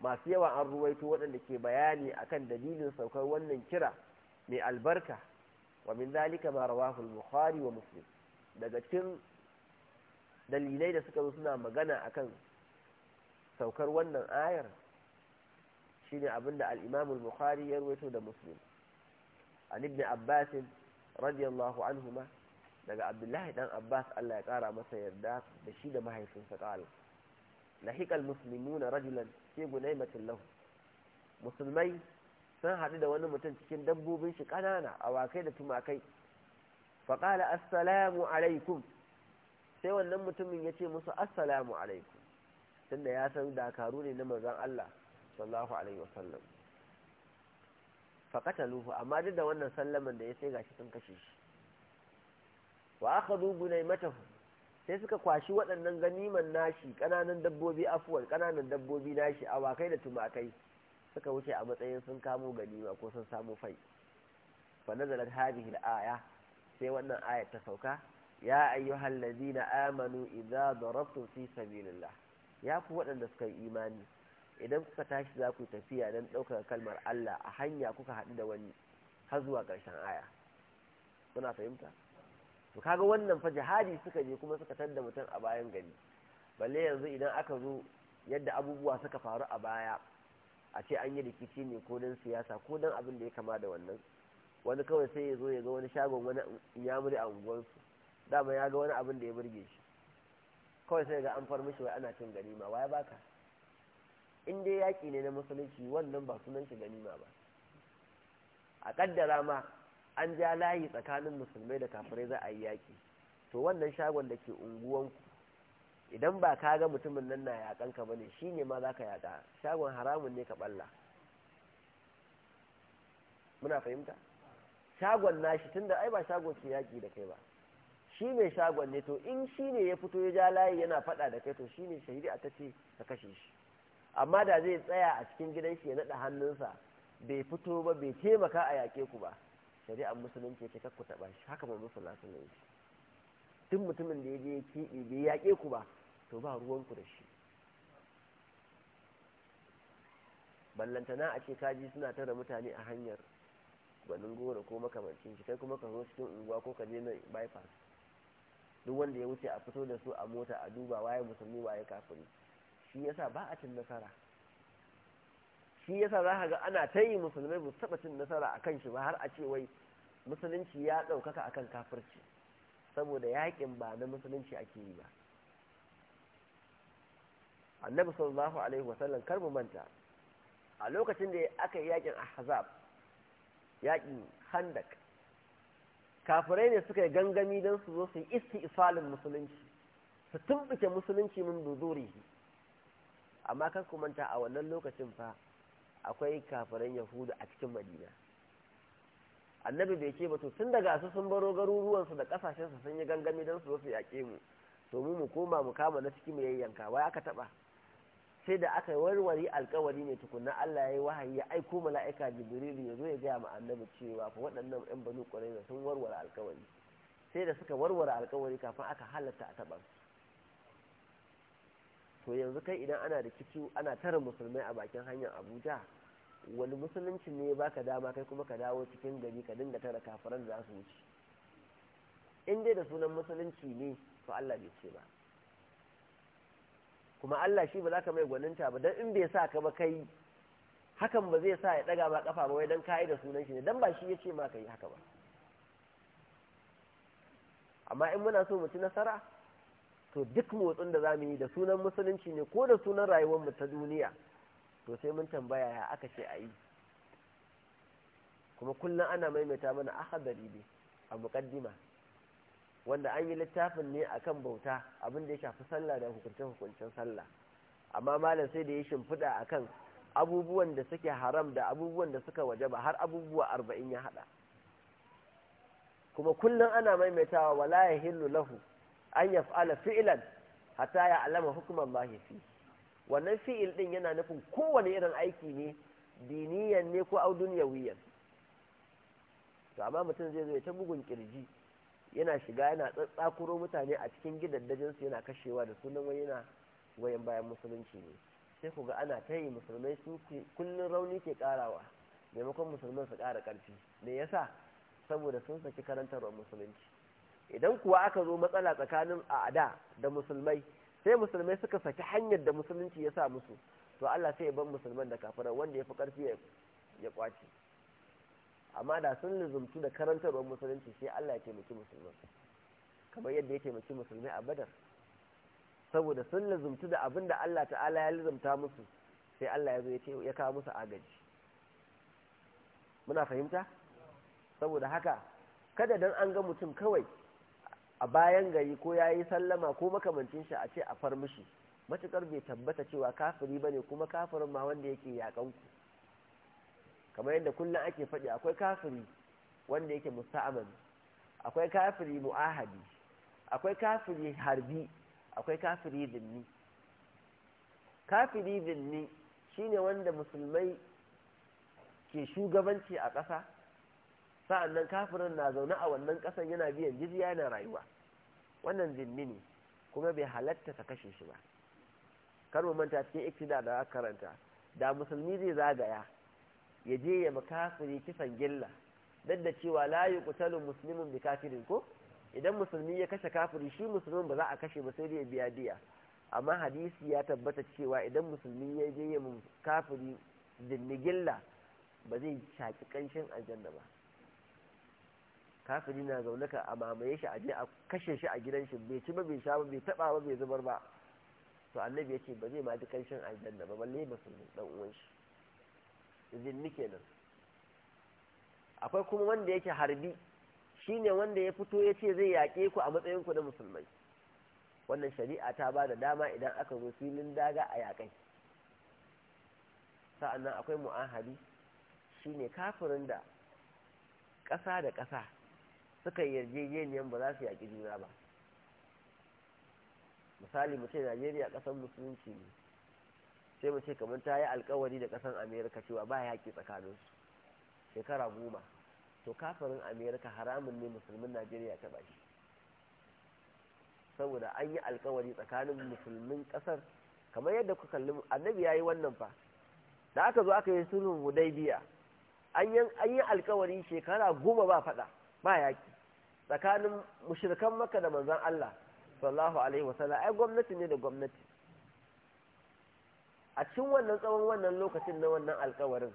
masu yawa an ruwaito waɗanda ke bayani akan dalilin saukar wannan kira mai albarka wa min zalika ma rawahu al-bukhari wa muslim daga cikin dalilai da suka zo suna magana akan saukar wannan ayar shine abinda al-imam al-bukhari ya ruwaito da muslim an ibn abbas radiyallahu anhuma daga abdullahi dan abbas allah ya kara masa yarda da shi da mahaifinsa kala lahiqal muslimuna rajulan fi gunaimatin lahu musulmai sun haɗu da wani mutum cikin dabbobin shi ƙanana awakai da tumakai faƙala assalamu alaikum sai wannan mutumin ya ce musu assalamu alaikum tunda ya san dakaru ne na manzon Allah sallallahu alaihi wasallam faƙataluhu amma duk da wannan sallaman da ya sai gashi sun kashe shi wa akhadhu gunaymatahu sai suka kwashi waɗannan ganiman nashi ƙananan dabbobi afuwar ƙananan dabbobi nashi awakai da tumakai suka wuce a matsayin sun kamo ganima ko sun samu fai fa nazalat hadhihi al-aya sai wannan aya ta sauka ya ayyuhal ladina amanu idza darabtum fi sabilillah ya ku waɗanda suka yi imani idan kuka tashi za ku tafiya don ɗaukar kalmar Allah a hanya kuka haɗu da wani har zuwa ƙarshen aya kuna fahimta to kaga wannan fa jihadi suka je kuma suka tanda mutum a bayan gari balle yanzu idan aka zo yadda abubuwa suka faru a baya a ce an yi rikici ne ko don siyasa ko don abin da ya kama da wannan wani kawai sai ya zo ya ga wani shagon wani muri a unguwarsu dama ya ga wani abin da ya burge shi kawai sai ga an far mishi wai ana cin ganima waya baka in dai yaƙi ne na musulunci wannan ba sunan shi ganima ba a kaddara ma an ja layi tsakanin musulmai da kafirai za a yi yaƙi to wannan shagon da ke unguwanku idan ba ka ga mutumin nan na yaƙan ka bane shi ne ma za ka yaƙa shagon haramun ne ka ɓalla muna fahimta shagon nashi tunda ai ba shagon ke yaƙi da kai ba shi mai shagon ne to in shi ne ya fito ya ja layi yana faɗa da kai to shi ne shahidi a tace ka kashe shi amma da zai tsaya a cikin gidan shi ya naɗa hannunsa bai fito ba bai taimaka a yaƙe ku ba shari'ar musulunci ke kakku taɓa shi haka manzo sallallahu alaihi shi duk mutumin da ya je kiɗi bai yaƙe ku ba to ba ruwanku da shi ballantana a ce kaji suna tara mutane a hanyar gwanin goro ko makamancin shi kai kuma ka zo cikin unguwa ko ka je na bypass duk wanda ya wuce a fito da su a mota a duba waye musulmi waye kafiri shi yasa ba a cin nasara shi yasa za ka ga ana ta yi musulmai ba taɓa cin nasara a kan shi ba har a ce wai musulunci ya ɗaukaka a kan kafirci saboda yaƙin ba na musulunci ake yi ba annabi sallallahu alaihi wasallam kar mu manta a lokacin da aka yi yaƙin ahzab yaƙin handak kafirai ne suka yi gangami don su zo su yi isti musulunci su tumɓuke musulunci min duzurihi amma kan ku manta a wannan lokacin fa akwai kafiran yahudu a cikin madina annabi bai ce ba to tun daga su sun baro garuruwansu da kasashensu sun yi gangami don su su yake mu to mu mu koma mu kama na ciki mu yayyanka wai aka taɓa sai da aka warware alkawari ne tukunna Allah ya yi wahayi ya aiko mala'ika jibril ya zo ya gaya ma annabi cewa fa waɗannan ɗan banu ƙwarai sun warware alkawari sai da suka warware alkawari kafin aka halatta a taba to yanzu kai idan ana da rikici ana tara musulmai a bakin hanyar abuja wani musulunci ne baka dama kai kuma ka dawo cikin gari ka dinga tara kafiran da su wuce in dai da sunan musulunci ne to Allah bai ce ba kuma Allah shi ba za ka mai gwaninta ba don in bai sa ka ba kai hakan ba zai sa ya daga ba kafa ba wai dan kai da sunan shi ne don ba shi ya ce ma ka yi haka ba amma in muna so mu ci nasara to duk motsin da zamu yi da sunan musulunci ne ko da sunan rayuwar mu ta duniya to sai mun tambaya ya aka ce a yi kuma kullum ana maimaita mana ahadari ne a muƙaddima wanda an yi littafin ne akan bauta abin da ya shafi sallah da hukuncin hukuncin sallah amma malam sai da ya shimfiɗa akan abubuwan da suke haram da abubuwan da suka waje ba har abubuwa arba'in ya haɗa kuma kullum ana maimaitawa wala ya lahu an yaf'ala fi'ilan hatta ya alama hukumar lahi fi wannan fi'il din yana nufin kowane irin aiki ne diniyan ne ko au duniyawiyan to amma mutum zai zo ya ta bugun kirji yana shiga yana tsatsakuro mutane a cikin gidaddajin su yana kashewa da sunan wani yana wayan bayan musulunci ne sai ku ga ana ta yi musulmai su kullun rauni ke karawa maimakon musulman su kara karfi me yasa saboda sun saki karantarwar musulunci idan kuwa aka zo matsala tsakanin a'ada da musulmai sai musulmai suka saki hanyar da musulunci ya sa musu to Allah sai ya ban musulman da kafira wanda ya fi ƙarfi ya kwace amma da sun lizumtu da karantarwar musulunci sai Allah ya taimaki musulman kamar yadda ya taimaki musulmai a badar saboda sun lizumtu da abin da Allah ta'ala ya lizumta musu sai Allah ya zo ya kawo musu agaji muna fahimta saboda haka kada dan an ga mutum kawai a bayan gari ko ya yi sallama ko makamancin shi a ce a far mishi matukar bai tabbata cewa kafiri bane kuma kafirin ma wanda yake yaƙan ku kamar yadda kullum ake faɗi akwai kafiri wanda yake musta'aman akwai kafiri mu'ahadi akwai kafiri harbi akwai kafiri zinni kafiri zinni shine wanda musulmai ke shugabanci a ƙasa sa'annan kafirin na zaune a wannan ƙasar yana biyan jizya yana rayuwa wannan zimmi ne kuma bai halatta ta kashe shi ba kar mu manta cikin iktida da aka karanta da musulmi zai zagaya ya je ya makafiri kisan gilla duk da cewa la yuqtalu muslimun bi kafirin ko idan musulmi ya kashe kafiri shi musulmin ba za a kashe ba sai dai ya biya amma hadisi ya tabbata cewa idan musulmi ya je ya kafiri gilla ba zai shaki kanshin aljanna ba kafiri na zaune ka a mamaye shi a je a kashe shi a gidan shi bai ci ba bai sha ba bai taba ba bai zubar ba to annabi ya ce ba zai ma ji kanshin aljanna ba balle sun dan uwan shi ni kenan akwai kuma wanda yake harbi shine wanda ya fito ya ce zai yaƙe ku a matsayin ku na musulmai wannan shari'a ta ba da dama idan aka zo filin daga a yaƙai sa'annan akwai mu'ahari shine kafirin da ƙasa da ƙasa suka yarjejeniyan ba za su yaƙi juna ba misali mu ce najeriya ƙasar musulunci ne sai mu ce kamar ta yi alkawari da ƙasar amerika cewa ba yaƙi tsakaninsu shekara goma to kafirin amerika haramun ne musulmin najeriya ta bashi saboda an yi alkawari tsakanin musulmin ƙasar kamar yadda ku kalli annabi ya yi wannan fa da aka zo aka yi sulhun hudaybiya an yi alkawari shekara goma ba faɗa ba yaƙi tsakanin mushirkan maka da manzan Allah sallallahu alaihi wasallam ai gwamnati ne da gwamnati a cikin wannan tsawon wannan lokacin na wannan alkawarin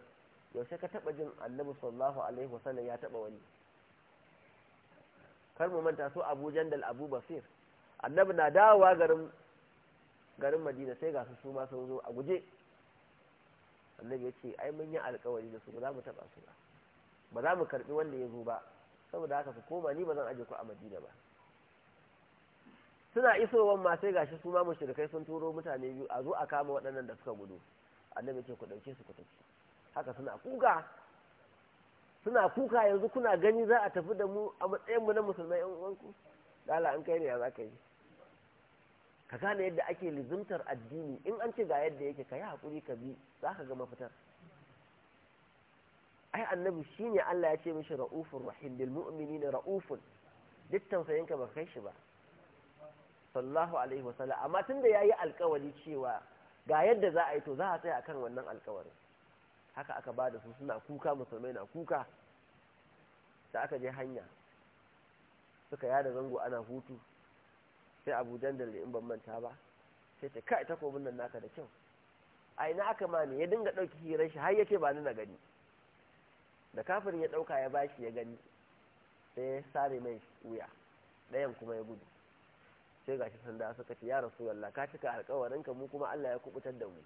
yaushe ka taba jin annabi sallallahu alaihi wasallam ya taba wani kar mu manta su Abu Jandal Abu Basir annabi na dawowa garin garin Madina sai ga su su ma sun zo a guje annabi ya ce ai mun yi alkawari da su ba za mu taba su ba ba za mu karbi wanda ya zo ba saboda haka su koma ni ba zan aje ku a madina ba suna isowan ma sai gashi su ma mushrikai sun turo mutane biyu a zo a kama waɗannan da suka gudu annabi ce ku ɗauke su ku tafi haka suna kuka suna kuka yanzu kuna gani za a tafi da mu a matsayin mu na musulmai yan uwanku dala an kai ne ya za ka yi ka gane yadda ake lizimtar addini in an ce ga yadda yake ka yi hakuri ka bi za ka ga mafitar ai annabi shine Allah ya ce mishi ra'ufur rahim bil mu'minin ra'ufun duk tausayinka ba kai shi ba sallallahu alaihi wa sallam amma tunda yayi alkawari cewa ga yadda za a yi to za a tsaya akan wannan alƙawarin, haka aka ba da su suna kuka musulmai na kuka da aka je hanya suka yada zango ana hutu sai abu jandal in ban manta ba sai ta kai takobin nan naka da kyau a ina aka ma ne ya dinga ɗauki hirar shi har yake ba ni na gani da kafin ya ɗauka ya bashi ya gani sai sare mai wuya ɗayan kuma ya gudu sai gashi sanda suka ce ya rasu Allah ka cika ka mu kuma Allah ya kubutar da mu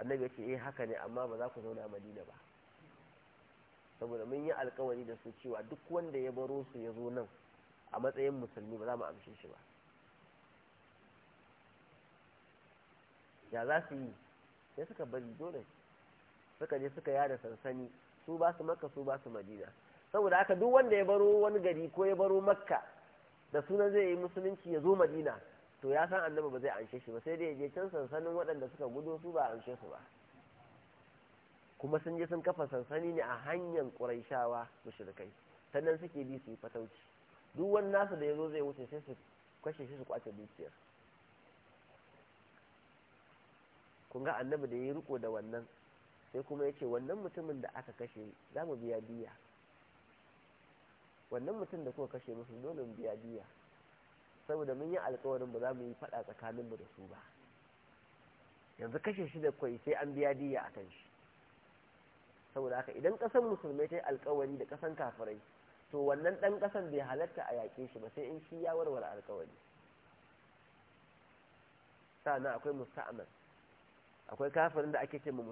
annabi ya ce eh haka ne amma ba za ku zauna madina ba saboda mun yi alkawari da su cewa duk wanda ya baro su ya zo nan a matsayin musulmi ba za mu amshe shi ba ya za su yi sai suka bari dole suka je suka yada sansani su ba su makka su ba su madina saboda haka duk wanda ya baro wani gari ko ya baro makka da sunan zai yi musulunci ya zo madina to ya san annabi ba zai anshe shi ba sai dai ya je can sansanin waɗanda suka gudo su ba anshe su ba kuma sun je sun kafa sansani ne a hanyar ƙuraishawa mushrikai sannan suke bi su yi fatauci duk wani nasu da ya zo zai wuce sai su kwashe shi su kwace dukiyar kun ga annabi da ya yi riko da wannan sai kuma ya ce wannan mutumin da aka kashe za mu biya diya wannan mutum da kuka kashe musu dole mu biya diya saboda mun yi alkawarin ba za mu yi faɗa tsakaninmu da su ba yanzu kashe shi da kwai sai an biya biya a kan shi saboda haka idan ƙasar musulmai ta yi alkawari da ƙasan kafirai to wannan ɗan ƙasan bai halatta a yaƙe shi ba sai in shi ya warware alkawari sa'annan akwai musta'amal akwai kafirin da ake ce ma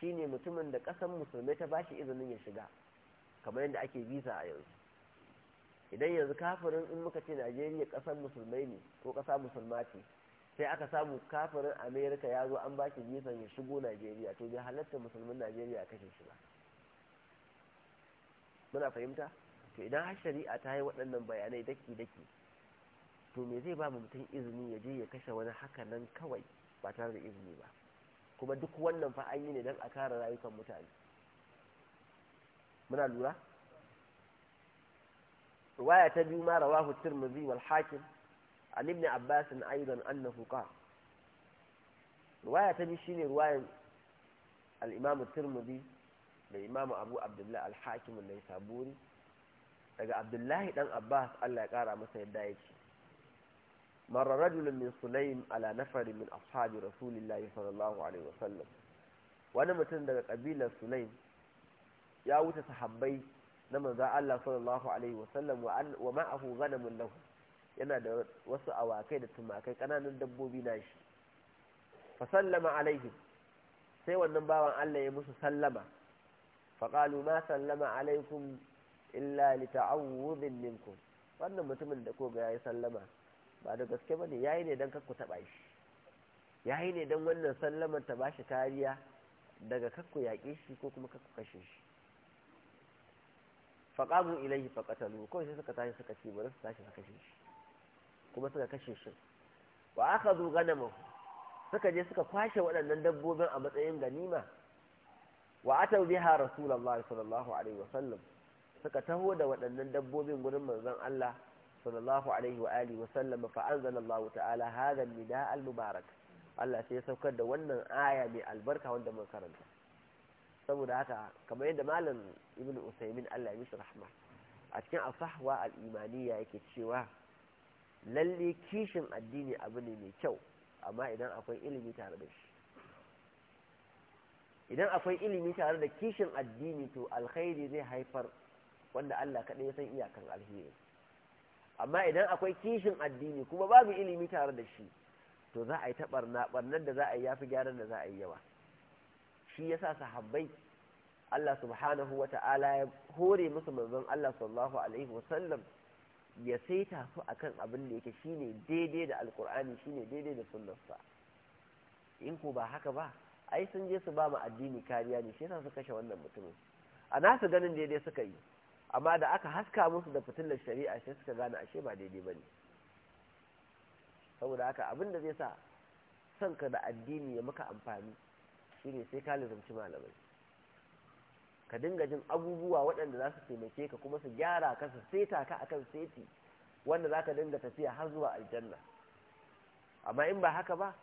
shine mutumin da kasan musulmai ta bashi izinin ya shiga kamar yadda ake visa a yanzu idan yanzu kafirin in muka ce najeriya kasan musulmai ne ko ƙasa musulma ce sai aka samu kafirin amerika ya zo an bashi visa ya shigo najeriya to bai halatta musulmin najeriya kashe shi ba muna fahimta to idan har shari'a ta yi waɗannan bayanai daki daki to me zai ba mutum izini ya je ya kashe wani haka nan kawai ba tare da izini ba kuma duk wannan fa an yi ne don a kare rayukan mutane muna lura ruwaya ta biyu ma rawahu tirmidhi wal hakim an ibn abbas aidan annahu qala ruwaya ta biyu shine ruwayan al imam tirmidhi da imam abu abdullah al hakim al saburi daga abdullahi dan abbas Allah ya kara masa yadda yake مر رجل من سليم على نفر من أصحاب رسول الله صلى الله عليه وسلم wani mutum daga ƙabilar sulaim ya wuce sahabbai na manza Allah sallallahu wa ma'ahu ghanamun yana da wasu awakai da tumakai ƙananan dabbobi nashi fa sallama alaihim sai wannan bawan Allah ya musu sallama fa qalu ma sallama alaikum illa li ta'awudhin minkum wannan mutumin da koga yayi sallama ba da gaske ba ne ya yi ne don kakku taɓa shi ya yi ne don wannan sallamar ta ba shi kariya daga kakku yaƙe shi ko kuma kakku kashe shi faƙamu ilaihi faƙatalu kawai sai suka tashi suka ce bari su tashi suka kashe shi kuma suka kashe shi wa aka zo ganama suka je suka kwashe waɗannan dabbobin a matsayin ganima wa atau biha rasulullahi sallallahu alaihi wasallam suka taho da waɗannan dabbobin gurin manzon Allah sallallahu alaihi wa alihi wa sallam ta'ala hadha mida nida al-mubarak Allah sai ya saukar da wannan aya mai albarka wanda mun karanta saboda haka kamar yadda malam ibnu usaymin Allah ya mishi rahma a cikin asahwa al ya yake cewa lalle kishin addini abu ne mai kyau amma idan akwai ilimi tare da kishin addini to alkhairi zai haifar wanda Allah kaɗai ya san iyakan alheri amma idan akwai kishin addini kuma babu ilimi tare da shi to za a yi taɓarna ɓarnar da za a yi yafi gyaran da za a yi yawa shi yasa sahabbai Allah subhanahu wa ta'ala ya hore musu manzon Allah sallallahu alaihi wa sallam ya saita su akan abin da yake shine daidai da alkur'ani shine daidai da sunnarsa in ko ba haka ba ai sun je su ba mu addini kariya ne shi yasa su kashe wannan mutumin a su ganin daidai suka yi amma da aka haska musu da fitilar shari'a sai suka gane ashe ba daidai ba ne saboda haka abin da zai sa son ka da addini ya maka amfani shine sai ka lizumci malamai ka dinga jin abubuwa waɗanda za su taimake ka kuma su gyara ka su seta ka akan seti wanda za ka dinga tafiya har zuwa aljanna amma in ba haka ba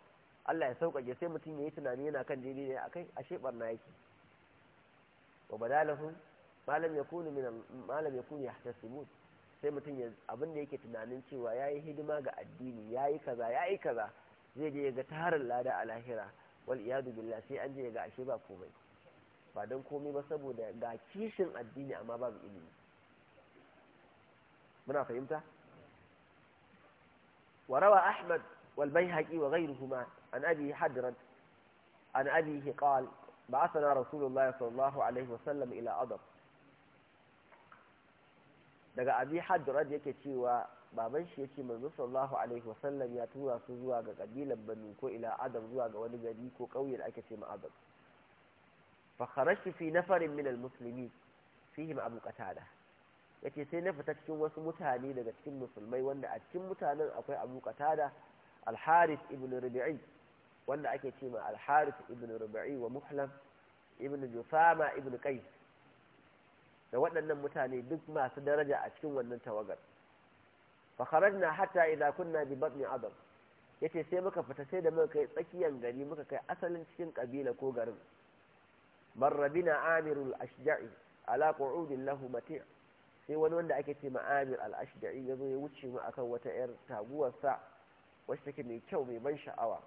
Allah ya sauƙaƙe sai mutum ya yi tunani yana kan daidai ne a kai ashe sheɓar na ba malam ya kuni min malam ya kuni yahtasimu sai mutum ya abin da yake tunanin cewa yayi hidima ga addini yayi kaza yayi kaza zai je ga tarin lada a lahira wal iyadu billah sai an je ga ashe ba komai ba dan komai ba saboda ga kishin addini amma babu ilimi muna fahimta وروى أحمد والبيهقي وغيرهما عن أبي حدرا عن أبيه قال بعثنا رسول الله صلى الله عليه وسلم إلى أضب daga abi hadrad yake cewa baban shi yake manzo sallallahu alaihi wasallam ya tura su zuwa ga kabilan banu ko ila adam zuwa ga wani gari ko kauye da ake ce ma adam fa kharajtu fi nafarin min almuslimin fihim abu qatada yace sai na fita cikin wasu mutane daga cikin musulmai wanda a cikin mutanen akwai abu qatada al-harith ibn rubai wanda ake ce ma al-harith ibn rabi'i wa muhlam ibn jusama ibn qais da waɗannan mutane duk masu daraja a cikin wannan tawagar fa na hatta idza kunna bi batni adam yace sai muka fita sai da muka kai tsakiyar gari muka kai asalin cikin ƙabila ko garin marrabina amirul ashja'i ala qu'udin lahu mati' sai wani wanda ake ce ma'amir al ashjai ya zo ya wuce mu akan wata yar taguwarsa wacce take mai kyau mai ban sha'awa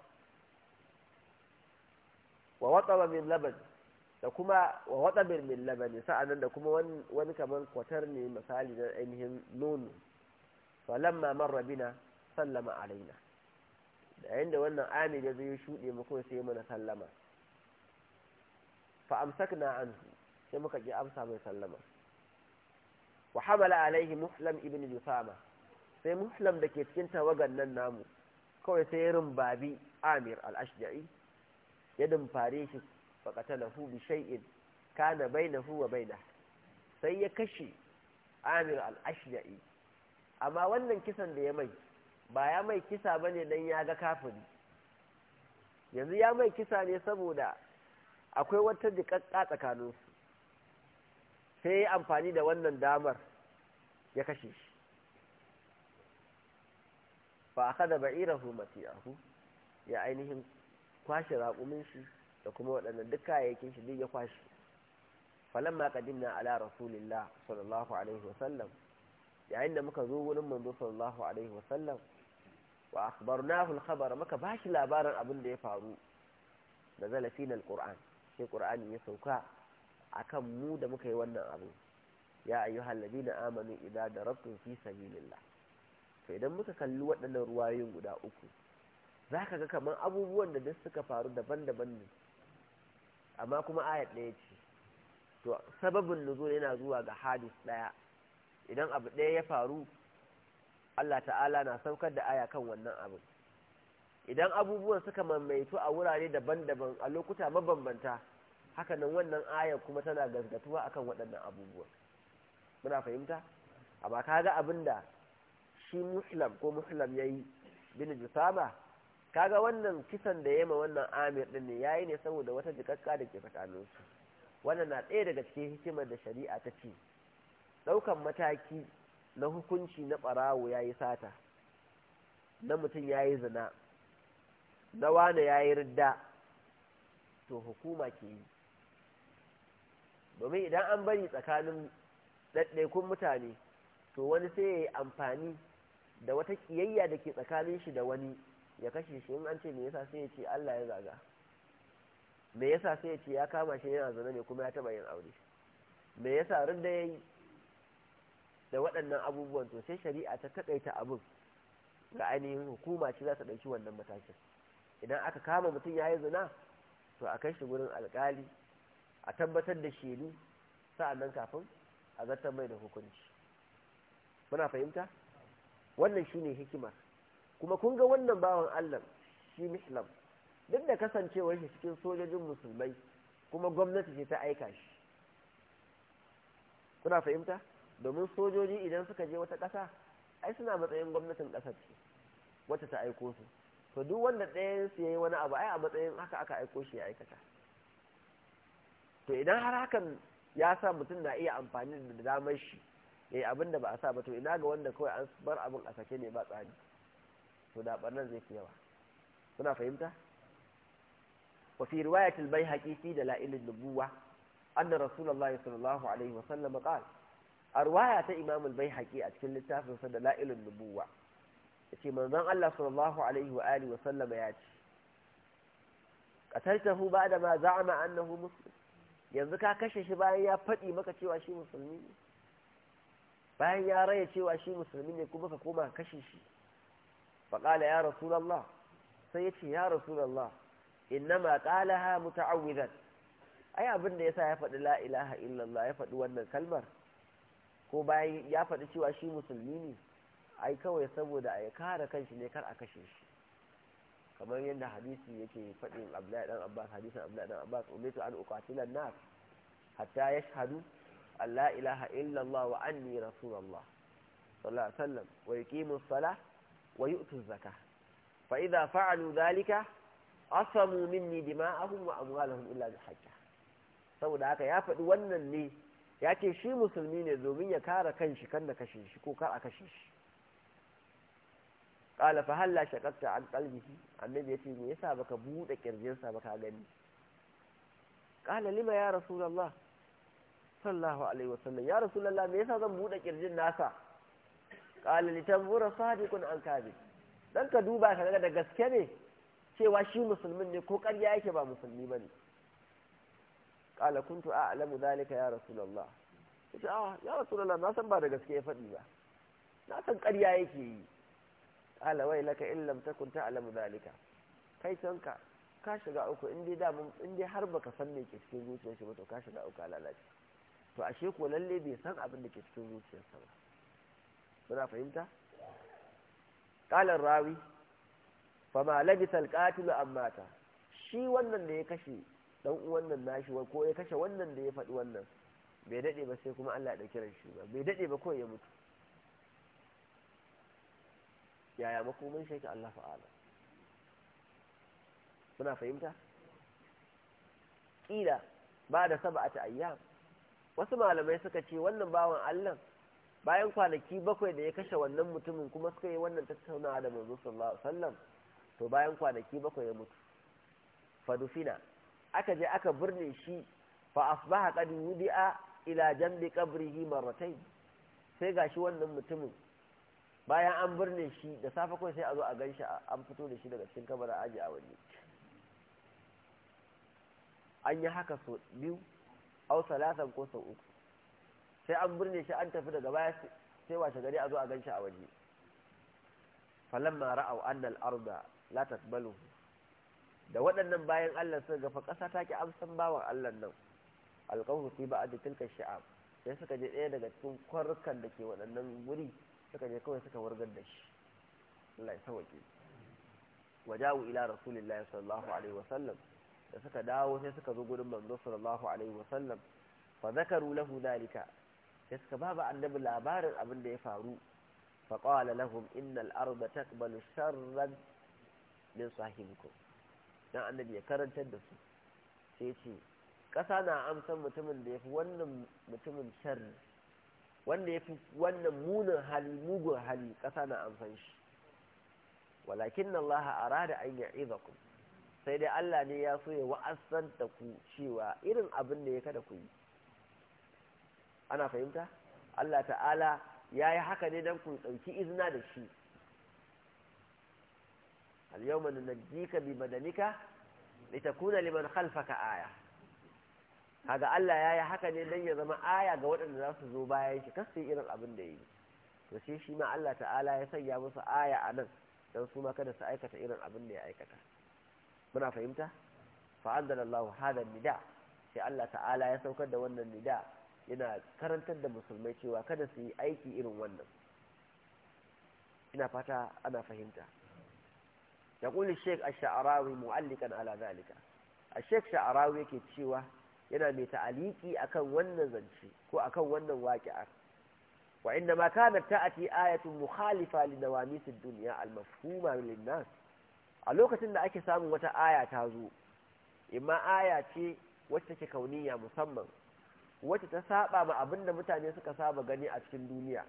wa wata min laban da kuma wa watsabir min labani da kuma wani kamar kwatar ne misali na ainihin nono falamma marra bina sallama alaina da inda wannan amir ya zo ya shuɗe mu kawai sai mana sallama fa amsakna anhu sai muka ji amsa mai sallama wa hamala alaihi muslim ibn jusama sai muslim da ke cikin tawagan nan namu kawai sai rin rumbabi amir al-ashja'i ya dumfare shi faqatalahu bi shay'in kana bainahu wa bainaha sai ya kashe Amir al-Ashja'i amma wannan kisan da ya mai ba ya mai kisa bane dan ya ga kafiri yanzu ya mai kisa ne saboda akwai wata tsakanin tsakaninsu sai ya amfani da wannan damar ya kashe shi fa akhadha ba'irahu mati'ahu ya ainihin kwashe raƙumin shi da kuma waɗannan duk kayayyakin shi duk ya kwashi falamma qadimna ala rasulillah sallallahu alaihi wa sallam yayin da muka zo wurin manzo sallallahu alaihi wa sallam wa akhbarnahu al-khabar muka bashi labarin abin da ya faru Da fina al-qur'an sai qur'ani ya sauka akan mu da muka yi wannan abu ya ayyuhal ladina amanu idza darabtum fi sabilillah to idan muka kalli waɗannan ruwayoyin guda uku zaka ga kaman abubuwan da duk suka faru daban-daban ne amma kuma ayat ɗaya ce to sababin nuzul yana zuwa ga hadis ɗaya idan abu ɗaya ya faru Allah ta'ala na saukar da aya kan wannan abin idan abubuwan suka maimaitu a wurare daban-daban a lokuta mabambanta hakanan wannan aya kuma tana gazgatuwa akan waɗannan abubuwa muna fahimta amma kaga abinda shi muslim ko muslim yayi bin jisaba kaga wannan kisan da ya yi ma wannan amir ɗin ne yayi ne saboda wata jikakka da ke tsakanin su wannan na ɗaya daga cikin hikimar da shari'a ta ce ɗaukan mataki na hukunci na ɓarawo ya yi sata na mutum ya yi zina na wane ya yi ridda to hukuma ke yi domin idan an bari tsakanin ɗaiɗaikun mutane to wani sai ya yi amfani da wata ƙiyayya da ke tsakanin shi da wani ya kashe shi in an ce me yasa sai ya ce Allah ya zaga me yasa sai ya ce ya kama shi yana zaune ne kuma ya taba yin aure me yasa rudda yayi da waɗannan abubuwan to sai shari'a ta takaita abin ga ainihin hukuma ce za ta ɗauki wannan matakin idan aka kama mutum ya yi zina to a kai shi gurin alkali a tabbatar da shelu nan kafin a zartar mai da hukunci muna fahimta wannan shine hikimar kuma kun ga wannan bawan Allah shi Muslim duk da kasancewar shi cikin sojojin musulmai kuma gwamnati ce ta aika shi kuna fahimta domin sojoji idan suka je wata ƙasa ai suna matsayin gwamnatin ƙasar ce wacce ta aiko su to duk wanda ɗayan su yayi wani abu ai a matsayin haka aka aiko shi ya aikata to idan har hakan ya sa mutum na iya amfani da damar shi yayi abin da ba a sa ba to ina ga wanda kawai an bar abin a sake ne ba tsari to da barnan zai fi yawa kuna fahimta wa fi riwayatil bayhaqi fi dalailin nubuwa anna rasulullahi sallallahu alaihi wa sallam qala a riwaya ta imam al-bayhaqi a cikin littafin sa dalailin nubuwa yace manzon Allah sallallahu alaihi wa alihi wa sallam ya ce qataltahu ba'da ma za'ama annahu muslim yanzu ka kashe shi bayan ya fadi maka cewa shi musulmi ne bayan ya raya cewa shi musulmi ne kuma ka koma kashe shi faƙala ya rasulallah sai ya ce ya rasulallah innama qalaha muta'awwidan ai abin da yasa ya faɗi la ilaha illallah ya faɗi wannan kalmar ko bayan ya faɗi cewa shi musulmi ne ai kawai saboda ya kare kanshi ne kar a kashe shi kamar yadda hadisi yake faɗin abdullahi dan abbas hadisin abdullahi dan abbas umitu an uqatila nas hatta yashhadu an la ilaha Allah wa anni rasulullah sallallahu alaihi wasallam wa yuqimu as-salah wa yu'tu zakah fa idza fa'alu dhalika asamu minni dima'ahum wa amwalahum illa bil haqq saboda haka ya faɗi wannan ne ya ce shi musulmi ne domin ya kare kanshi kan da kashe shi ko kar a kashe shi qala fa halla shaqaqta an qalbihi annabi yace me yasa baka bude kirjinsa baka gani qala lima ya rasulullah sallallahu alaihi wasallam ya rasulullah me yasa zan bude kirjin nasa qala litanzura sadiqun an kabe. dan ka duba ka ga da gaske ne cewa shi musulmin ne ko ƙarya yake ba musulmi bane Ƙala kuntu a'lamu zalika ya rasulullah yace a ah, ya rasulullah na san ba da gaske ya faɗi ba na san ƙarya yake yi Ƙala wai laka in lam takun ta'lamu zalika kai san ka ka shiga uku in dai da in dai har baka san me ke cikin zuciyarsa ba to ka shiga uku lalace to ashe ko lalle bai san abin da ke cikin zuciyarsa ba Kuna fahimta kalan rawi fa ma labisa alqatilu ammata shi wannan da ya kashe dan wannan nashi ko ya kashe wannan da ya faɗi wannan bai dade ba sai kuma Allah ya dauki ran shi ba bai dade ba ko ya mutu yaya makomin shi Allah fa'ala Kuna fahimta kila ba da saba'ata ayyam wasu malamai suka ce wannan bawan Allah bayan kwanaki bakwai da ya kashe wannan mutumin kuma suka yi wannan tattaunawa da manzo sallallahu alaihi wasallam to bayan kwanaki bakwai ya mutu fadufina aka je aka birne shi fa asbaha qad wudi'a ila janbi qabrihi marratayn sai gashi wannan mutumin bayan an birne shi da safe kawai sai a zo a ganshi an fito da shi daga cikin kabarin aji a waje an yi haka so biyu au salasan ko sau uku sai an birne shi an tafi daga baya sai washe gari a zo a gan shi a waje falamma ra'au annal arda la tasbalu da waɗannan bayan Allah suka gafa ƙasa ta ki amsan bawan Allah nan alqawu fi ba'd tilka shi'ab sai suka je ɗaya daga cikin kwarkan da ke waɗannan wuri suka je kawai suka wargar da shi Allah ya sauke wajawu ila rasulillahi sallallahu alaihi wasallam da suka dawo sai suka zo gurin manzo sallallahu alaihi wasallam fa zakaru lahu dalika sai suka ba annabi labarin abin da ya faru faƙawala lahum innal arda taqbalu sharran min sahibikum dan annabi ya karantar da su sai ce ƙasa na amsan mutumin da ya wannan mutumin sharri wanda yafi wannan munin hali mugun hali ƙasa na amsan shi walakin Allah arada an ya'idakum sai dai Allah ne ya so ya wa'asar ku cewa irin abin da ya kada ku yi ana fahimta Allah ta'ala ya yi haka ne don ku ɗauki izina da shi al-yawma nunajjika bi badanika litakuna liman khalfaka aya Haga Allah ya yi haka ne don ya zama aya ga waɗanda za su zo bayan shi kasu irin abin da yi to shi ma Allah ta'ala ya sanya musu aya a nan don su ma kada su aikata irin abin da ya aikata muna fahimta fa'adar Allah hada nida sai Allah ta'ala ya saukar da wannan nida yana karantar da musulmai cewa kada su yi aiki irin wannan ina fata ana fahimta يقول sha'arawi mu'allikan ala zalika A sheik sha'arawi yake cewa yana mai ta'aliki akan wannan zance ko akan wannan waqi'a wa inda ma kanat ta'ati ayatun mukhalifa li dawamis ad-dunya al-mafhuma lin nas a lokacin da ake samun wata aya ta zo imma aya ce wacce take kauniya musamman wacce ta saba ma abin da mutane suka saba gani a cikin duniya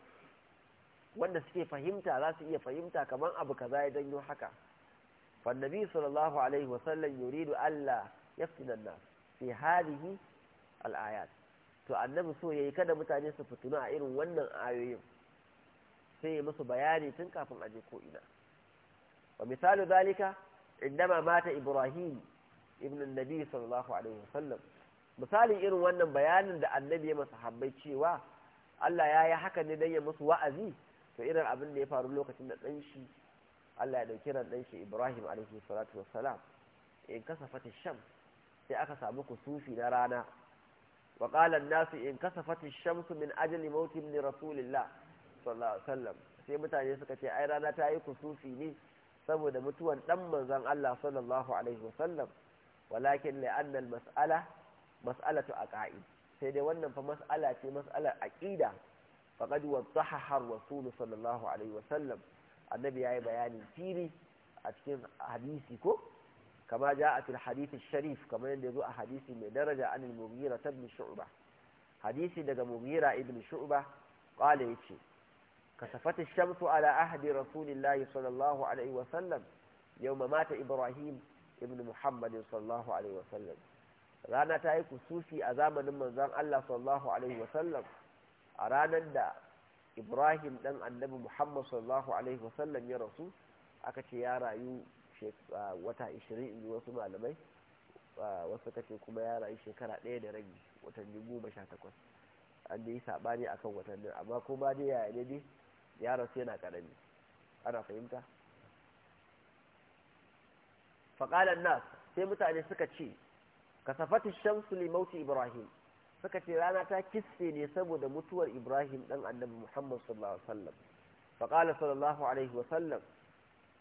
wanda suke fahimta za su iya fahimta kamar abu kaza ya janyo haka fannabi sallallahu alaihi wasallam yuridu Allah yaftina nas fi hadhihi al to annabi so yayi kada mutane su fituna a irin wannan ayoyin sai ya musu bayani tun kafin aje ko ina wa misali dalika indama mata ibrahim ibn nabi sallallahu alaihi wasallam misalin irin wannan bayanin da annabi ya masa habbai cewa Allah ya yi haka ne don ya musu wa'azi to irin abin da ya faru lokacin da ɗanshi Allah ya ɗauki ran ɗanshi Ibrahim alaihi in wassalam fata sham sai aka samu kusufi na rana wa qala nasu in kasafati su min ajali mauti ibn rasulillah sallallahu sai mutane suka ce ai rana ta yi kusufi ne saboda mutuwan ɗan manzon Allah sallallahu alaihi wasallam walakin la'anna masala mas'alatu aqaid sai dai wannan fa mas'ala ce mas'alar aqida faqad waddaha ar-rasul sallallahu alaihi wa sallam annabi yayi bayani fili a cikin hadisi ko kama jaa fil hadith sharif kamar yadda yazo a hadisi mai daraja an al-mughira ibn shu'bah hadisi daga mughira ibn shu'bah qala yace kasafat ash-shamsu ala ahdi rasulillahi sallallahu alaihi wasallam yawma mata ibrahim ibn muhammad sallallahu alaihi wasallam rana ta yi kusufi a zamanin manzan Allah sallallahu alaihi wasallam a ranar da Ibrahim dan annabi Muhammad sallallahu alaihi wasallam ya rasu aka ce ya rayu wata 20 in wasu malamai wasu kace kuma ya rayu shekara ɗaya da rabi watanni goma sha takwas an da yi saɓani a kan watannin amma kuma dai yaya ne dai ya rasu yana ƙarami ana fahimta faƙalan nas sai mutane suka ce kasafatu shamsu li mauti ibrahim suka ce rana ta kisse ne saboda mutuwar ibrahim dan annabi muhammad sallallahu alaihi wasallam fa qala sallallahu alaihi wasallam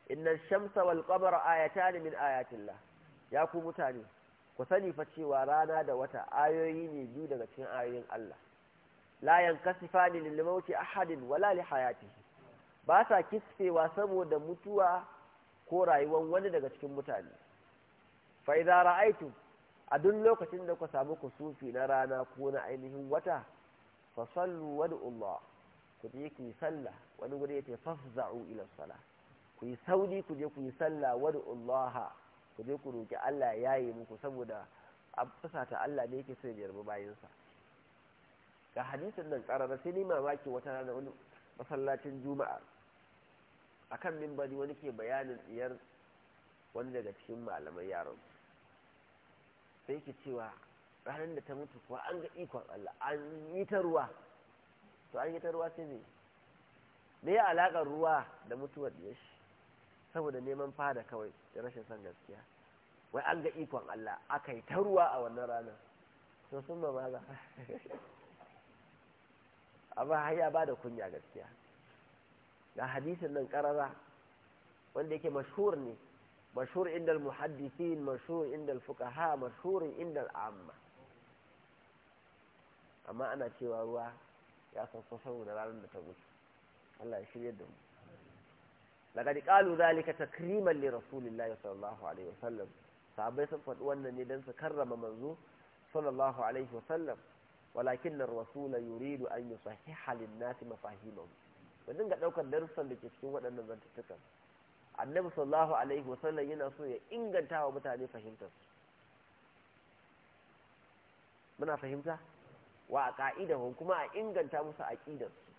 inna shamsa wal qamara ayatan min ayatillah ya ku mutane ku sani fa cewa rana da wata ayoyi ne biyu daga cikin ayoyin Allah la yankasifani lil mauti ahadin wala li hayatihi ba sa kisfewa saboda mutuwa ko rayuwar wani daga cikin mutane fa idza ra'aytum a duk lokacin da ku samu kusufi na rana ko na ainihin wata fa sallu wa Allah ku je ku yi sallah wani gure yace fafza'u ila salah ku yi sauri ku je ku yi sallah wa Allah ku je ku roki Allah ya yi muku saboda abfasa ta Allah ne yake son yarba bayin sa ga hadisin nan karara sai ni mamaki wata rana wani masallacin juma'a akan minbari wani ke bayanin iyar wani daga cikin malamai yaron sai yake cewa ranar da ta mutu kuwa an ga ikon Allah an yi ta ruwa to an yi ta ruwa sai me ya alaƙar ruwa da mutuwar da shi saboda neman fada kawai da rashin son gaskiya wai an ga ikon Allah aka yi ta ruwa a wannan ranar to sun ma za a ba ba da kunya gaskiya ga hadisin nan karara wanda yake mashhur ne mashhur inda al-muhaddithin inda al-fuqaha mashhur inda amma amma ana cewa ruwa ya sauko saboda ranar da ta wuce Allah ya shirye da mu laqad qalu zalika takriman li sallallahu alaihi wasallam sahabbai sun faɗi wannan ne dan su karrama manzo sallallahu alaihi wasallam walakin ar-rasul nasi mafahimahum ba dinga daukar darussan da ke cikin waɗannan zantuttukan annabi sallallahu alaihi wasallam yana so ya inganta wa mutane fahimtar su muna fahimta wa a ka'idahun kuma a inganta musu aqidar su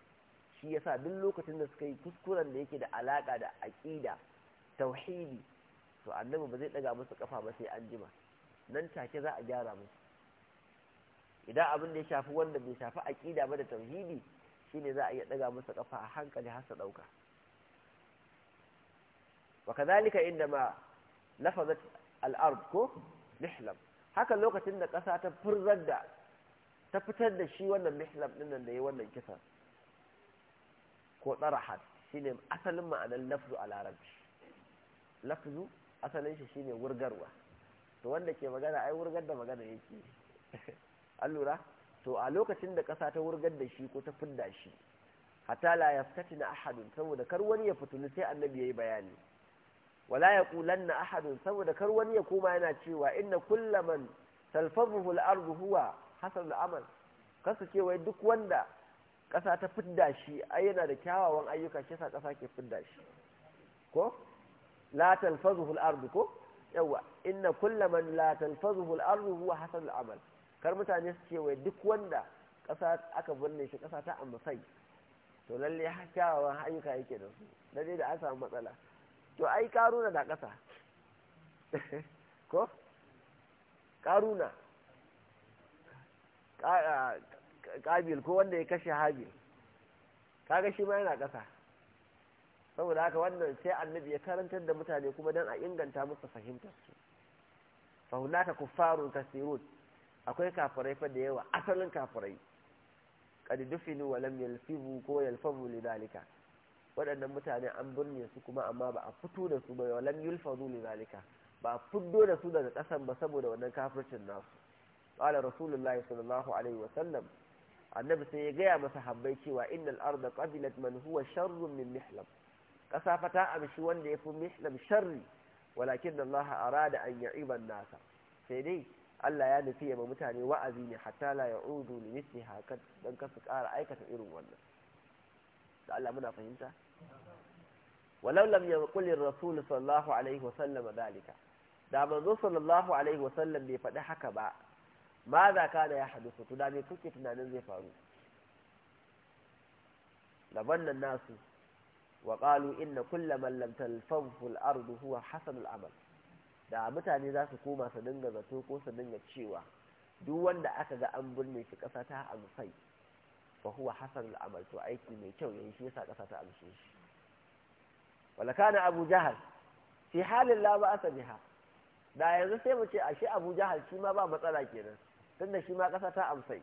shi yasa duk lokacin da suka yi kuskuren da yake da alaka da aqida tauhidi to annabi ba zai daga musu kafa ba sai an jima nan take za a gyara musu idan abin da ya shafi wanda bai shafi aqida ba da tauhidi shine za a iya daga musu kafa a hankali har su dauka wa kadhalika indama lafazat al-ard ko mihlam haka lokacin da ƙasa ta furzar da ta fitar da shi wannan mihlam din nan da yayi wannan kisa ko tsarahat shine asalin ma'anar lafzu a larabci lafzu asalin shi shine wurgarwa to wanda ke magana ai wurgar da magana yake an lura to a lokacin da ƙasa ta wurgar da shi ko ta fidda shi hatta la yaftatina ahadun saboda kar wani ya fitulu sai annabi yayi bayani wala ya kulan na ahadun saboda kar wani ya koma yana cewa inna kullaman talfafuhu al'ardu huwa hasan al'amal kasu ce wai duk wanda ƙasa ta fidda shi ai yana da kyawawan ayyuka shi yasa ƙasa ke fidda shi ko la talfazuhu al-ardu ko yawa inna kullaman la talfazuhu al-ardu huwa hasan al-amal kar mutane su ce wai duk wanda ƙasa aka binne shi ƙasa ta amsai to lalle kyawawan ayyuka yake da su lalle da an samu matsala to ai karuna na ƙasa ko karuna ƙabil ko wanda ya kashe habil kaga shi ma yana ƙasa saboda haka wannan sai annabi ya karantar da mutane kuma dan a inganta musu fahimtar su fahunaka kuffarun kasirun akwai kafirai fa da yawa asalin kafirai kad dufinu wa ko yalfazu lidalika waɗannan mutane an birne su kuma amma ba a fito da su ba walam yulfazu li zalika ba a fiddo da su daga ƙasan ba saboda wannan kafircin nasu qala rasulullahi sallallahu alaihi wa sallam annabi sai ya gaya masa habbai cewa innal arda qabilat man huwa sharrun min mihlam kasa fa ta amshi wanda ya fi mihlam sharri walakin Allah arada an ya'iba nasa sai dai Allah ya nufi ya mutane wa'azi ne hatta la ya'udu li mithliha kan dan kasu ƙara aikata irin wannan da Allah muna fahimta walau lam yaqul ar-rasul sallallahu alaihi wa sallam dalika da manzo sallallahu alaihi wa sallam bai faɗi haka ba ma za ka da ya hadisu to da me kuke tunanin zai faru labannan nasu wa qalu inna kulla man lam talfanfu al-ardu huwa hasanul amal da mutane za su koma su dinga zato ko su dinga cewa duk wanda aka ga an binne shi ƙasa ta amsai fa huwa hasanul amal to aiki mai kyau yayi shi yasa kasa ta amshe shi wala kana abu jahal fi halin la ba'asa biha da yanzu sai mu ce ashe abu jahal shi ma ba matsala kenan tunda shi ma kasa ta amsai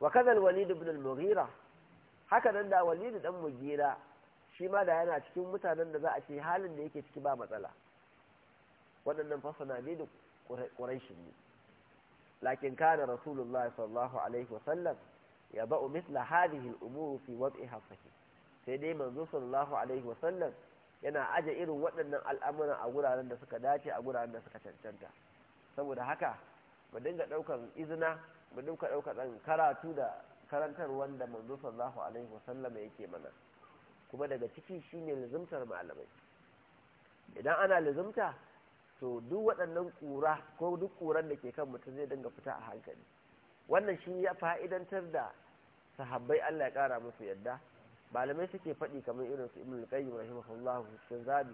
wa kadal walid ibn al-mughira haka nan da walid dan mughira shi ma da yana cikin mutanen da za a ce halin da yake ciki ba matsala waɗannan fasana ne da ƙurashin ne lakin kana rasulullahi sallallahu alaihi wasallam ya ba'u misla hadhihi al-umur fi wad'iha sahih sai dai manzo sallallahu alaihi wa sallam yana aje irin waɗannan al'amuran a wuraren da suka dace a guraren da suka cancanta saboda haka mu dinga ɗaukan izina mu dinga ɗaukar dan karatu da karantar wanda manzo sallallahu alaihi wa sallam yake mana kuma daga ciki shine lazumtar malamai idan ana lazumta to duk waɗannan ƙura ko duk ƙuran da ke kan mutum zai dinga fita a hankali wannan shi ya fa'idantar da sahabbai Allah ya kara musu yadda malamai suke faɗi kamar irin su ibn al-qayyim rahimahullahu sun zabi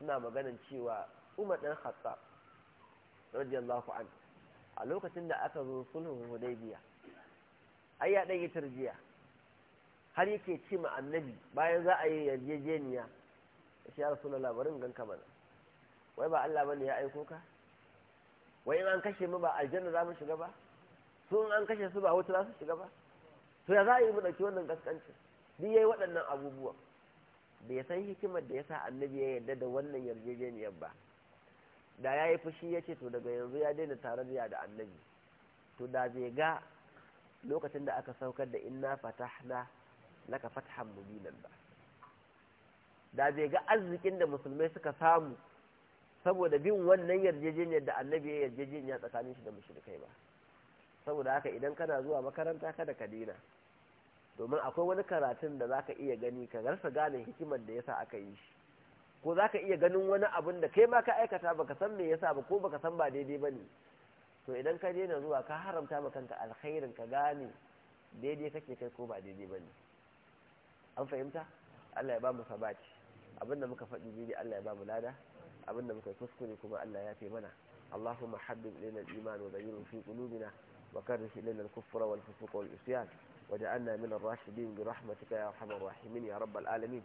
suna maganan cewa umar dan khattab radiyallahu an a lokacin da aka zo sulhun hudaybiya ai ya dan yi tarjiya har yake ce ma annabi bayan za a yi yarjejeniya shi ya rasu labarin ganka mana wai ba Allah bane ya aiko ka wai in an kashe mu ba aljanna za mu shiga ba su in an kashe su ba wuta za su shiga ba to ya za a yi mu ɗauki wannan kaskancin duk ya yi waɗannan abubuwa bai san hikimar da ya sa annabi ya yarda da wannan yarjejeniyar ba da ya yi fushi ya ce to daga yanzu ya daina tarayya da annabi to da bai ga lokacin da aka saukar da inna fatahna laka fathan mubinan ba da bai ga arzikin da musulmai suka samu saboda bin wannan yarjejeniyar da annabi ya yarjejeniya tsakanin shi da mushrikai ba saboda haka idan kana zuwa makaranta kada ka dina domin akwai wani karatun da zaka iya gani ka garsa gane hikimar da yasa aka yi shi ko zaka iya ganin wani abin da kai ma ka aikata baka san me yasa ba ko baka san ba daidai bane to idan ka daina zuwa ka haramta ma kanka alkhairin ka gane daidai kake kai ko ba daidai bane an fahimta Allah ya ba mu sabaci abinda muka faɗi daidai Allah ya ba mu lada abinda muka kuskure kuma Allah ya fi mana اللهم حبب إلينا الإيمان وزينه في قلوبنا وكره إلينا الكفر والفسوق والعصيان وجعلنا من الراشدين برحمتك يا أرحم الراحمين يا رب العالمين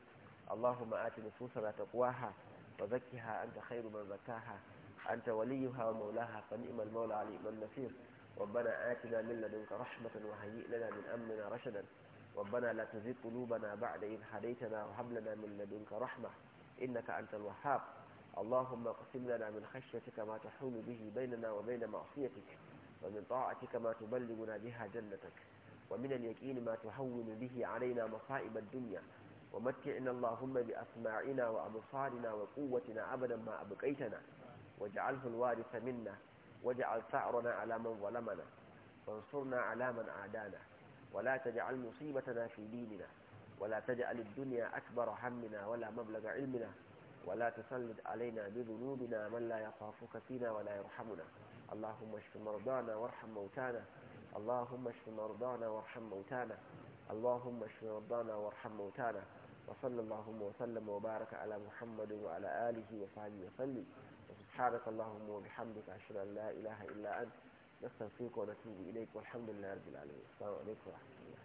اللهم آت نفوسنا تقواها وزكها أنت خير من زكاها أنت وليها ومولاها فنعم المولى عليم النصير ربنا آتنا من لدنك رحمة وهيئ لنا من أمرنا رشدا ربنا لا تزغ قلوبنا بعد إذ هديتنا وهب لنا من لدنك رحمة إنك أنت الوهاب اللهم اقسم لنا من خشيتك ما تحول به بيننا وبين معصيتك ومن طاعتك ما تبلغنا بها جنتك ومن اليقين ما تهون به علينا مصائب الدنيا ومتعنا اللهم بأسماعنا وأبصارنا وقوتنا أبدا ما أبقيتنا واجعله الوارث منا واجعل ثأرنا على من ظلمنا وانصرنا على من عادانا ولا تجعل مصيبتنا في ديننا ولا تجعل الدنيا أكبر همنا ولا مبلغ علمنا ولا تسلط علينا بذنوبنا من لا يخافك فينا ولا يرحمنا اللهم اشف مرضانا وارحم موتانا اللهم اشف مرضانا وارحم موتانا اللهم اشف مرضانا وارحم موتانا وصلى اللهم وسلم وبارك على محمد وعلى آله وصحبه وسلم وسبحانك اللهم وبحمدك أشهد أن لا إله إلا أنت نستغفرك ونتوب إليك والحمد لله رب العالمين السلام عليكم ورحمة الله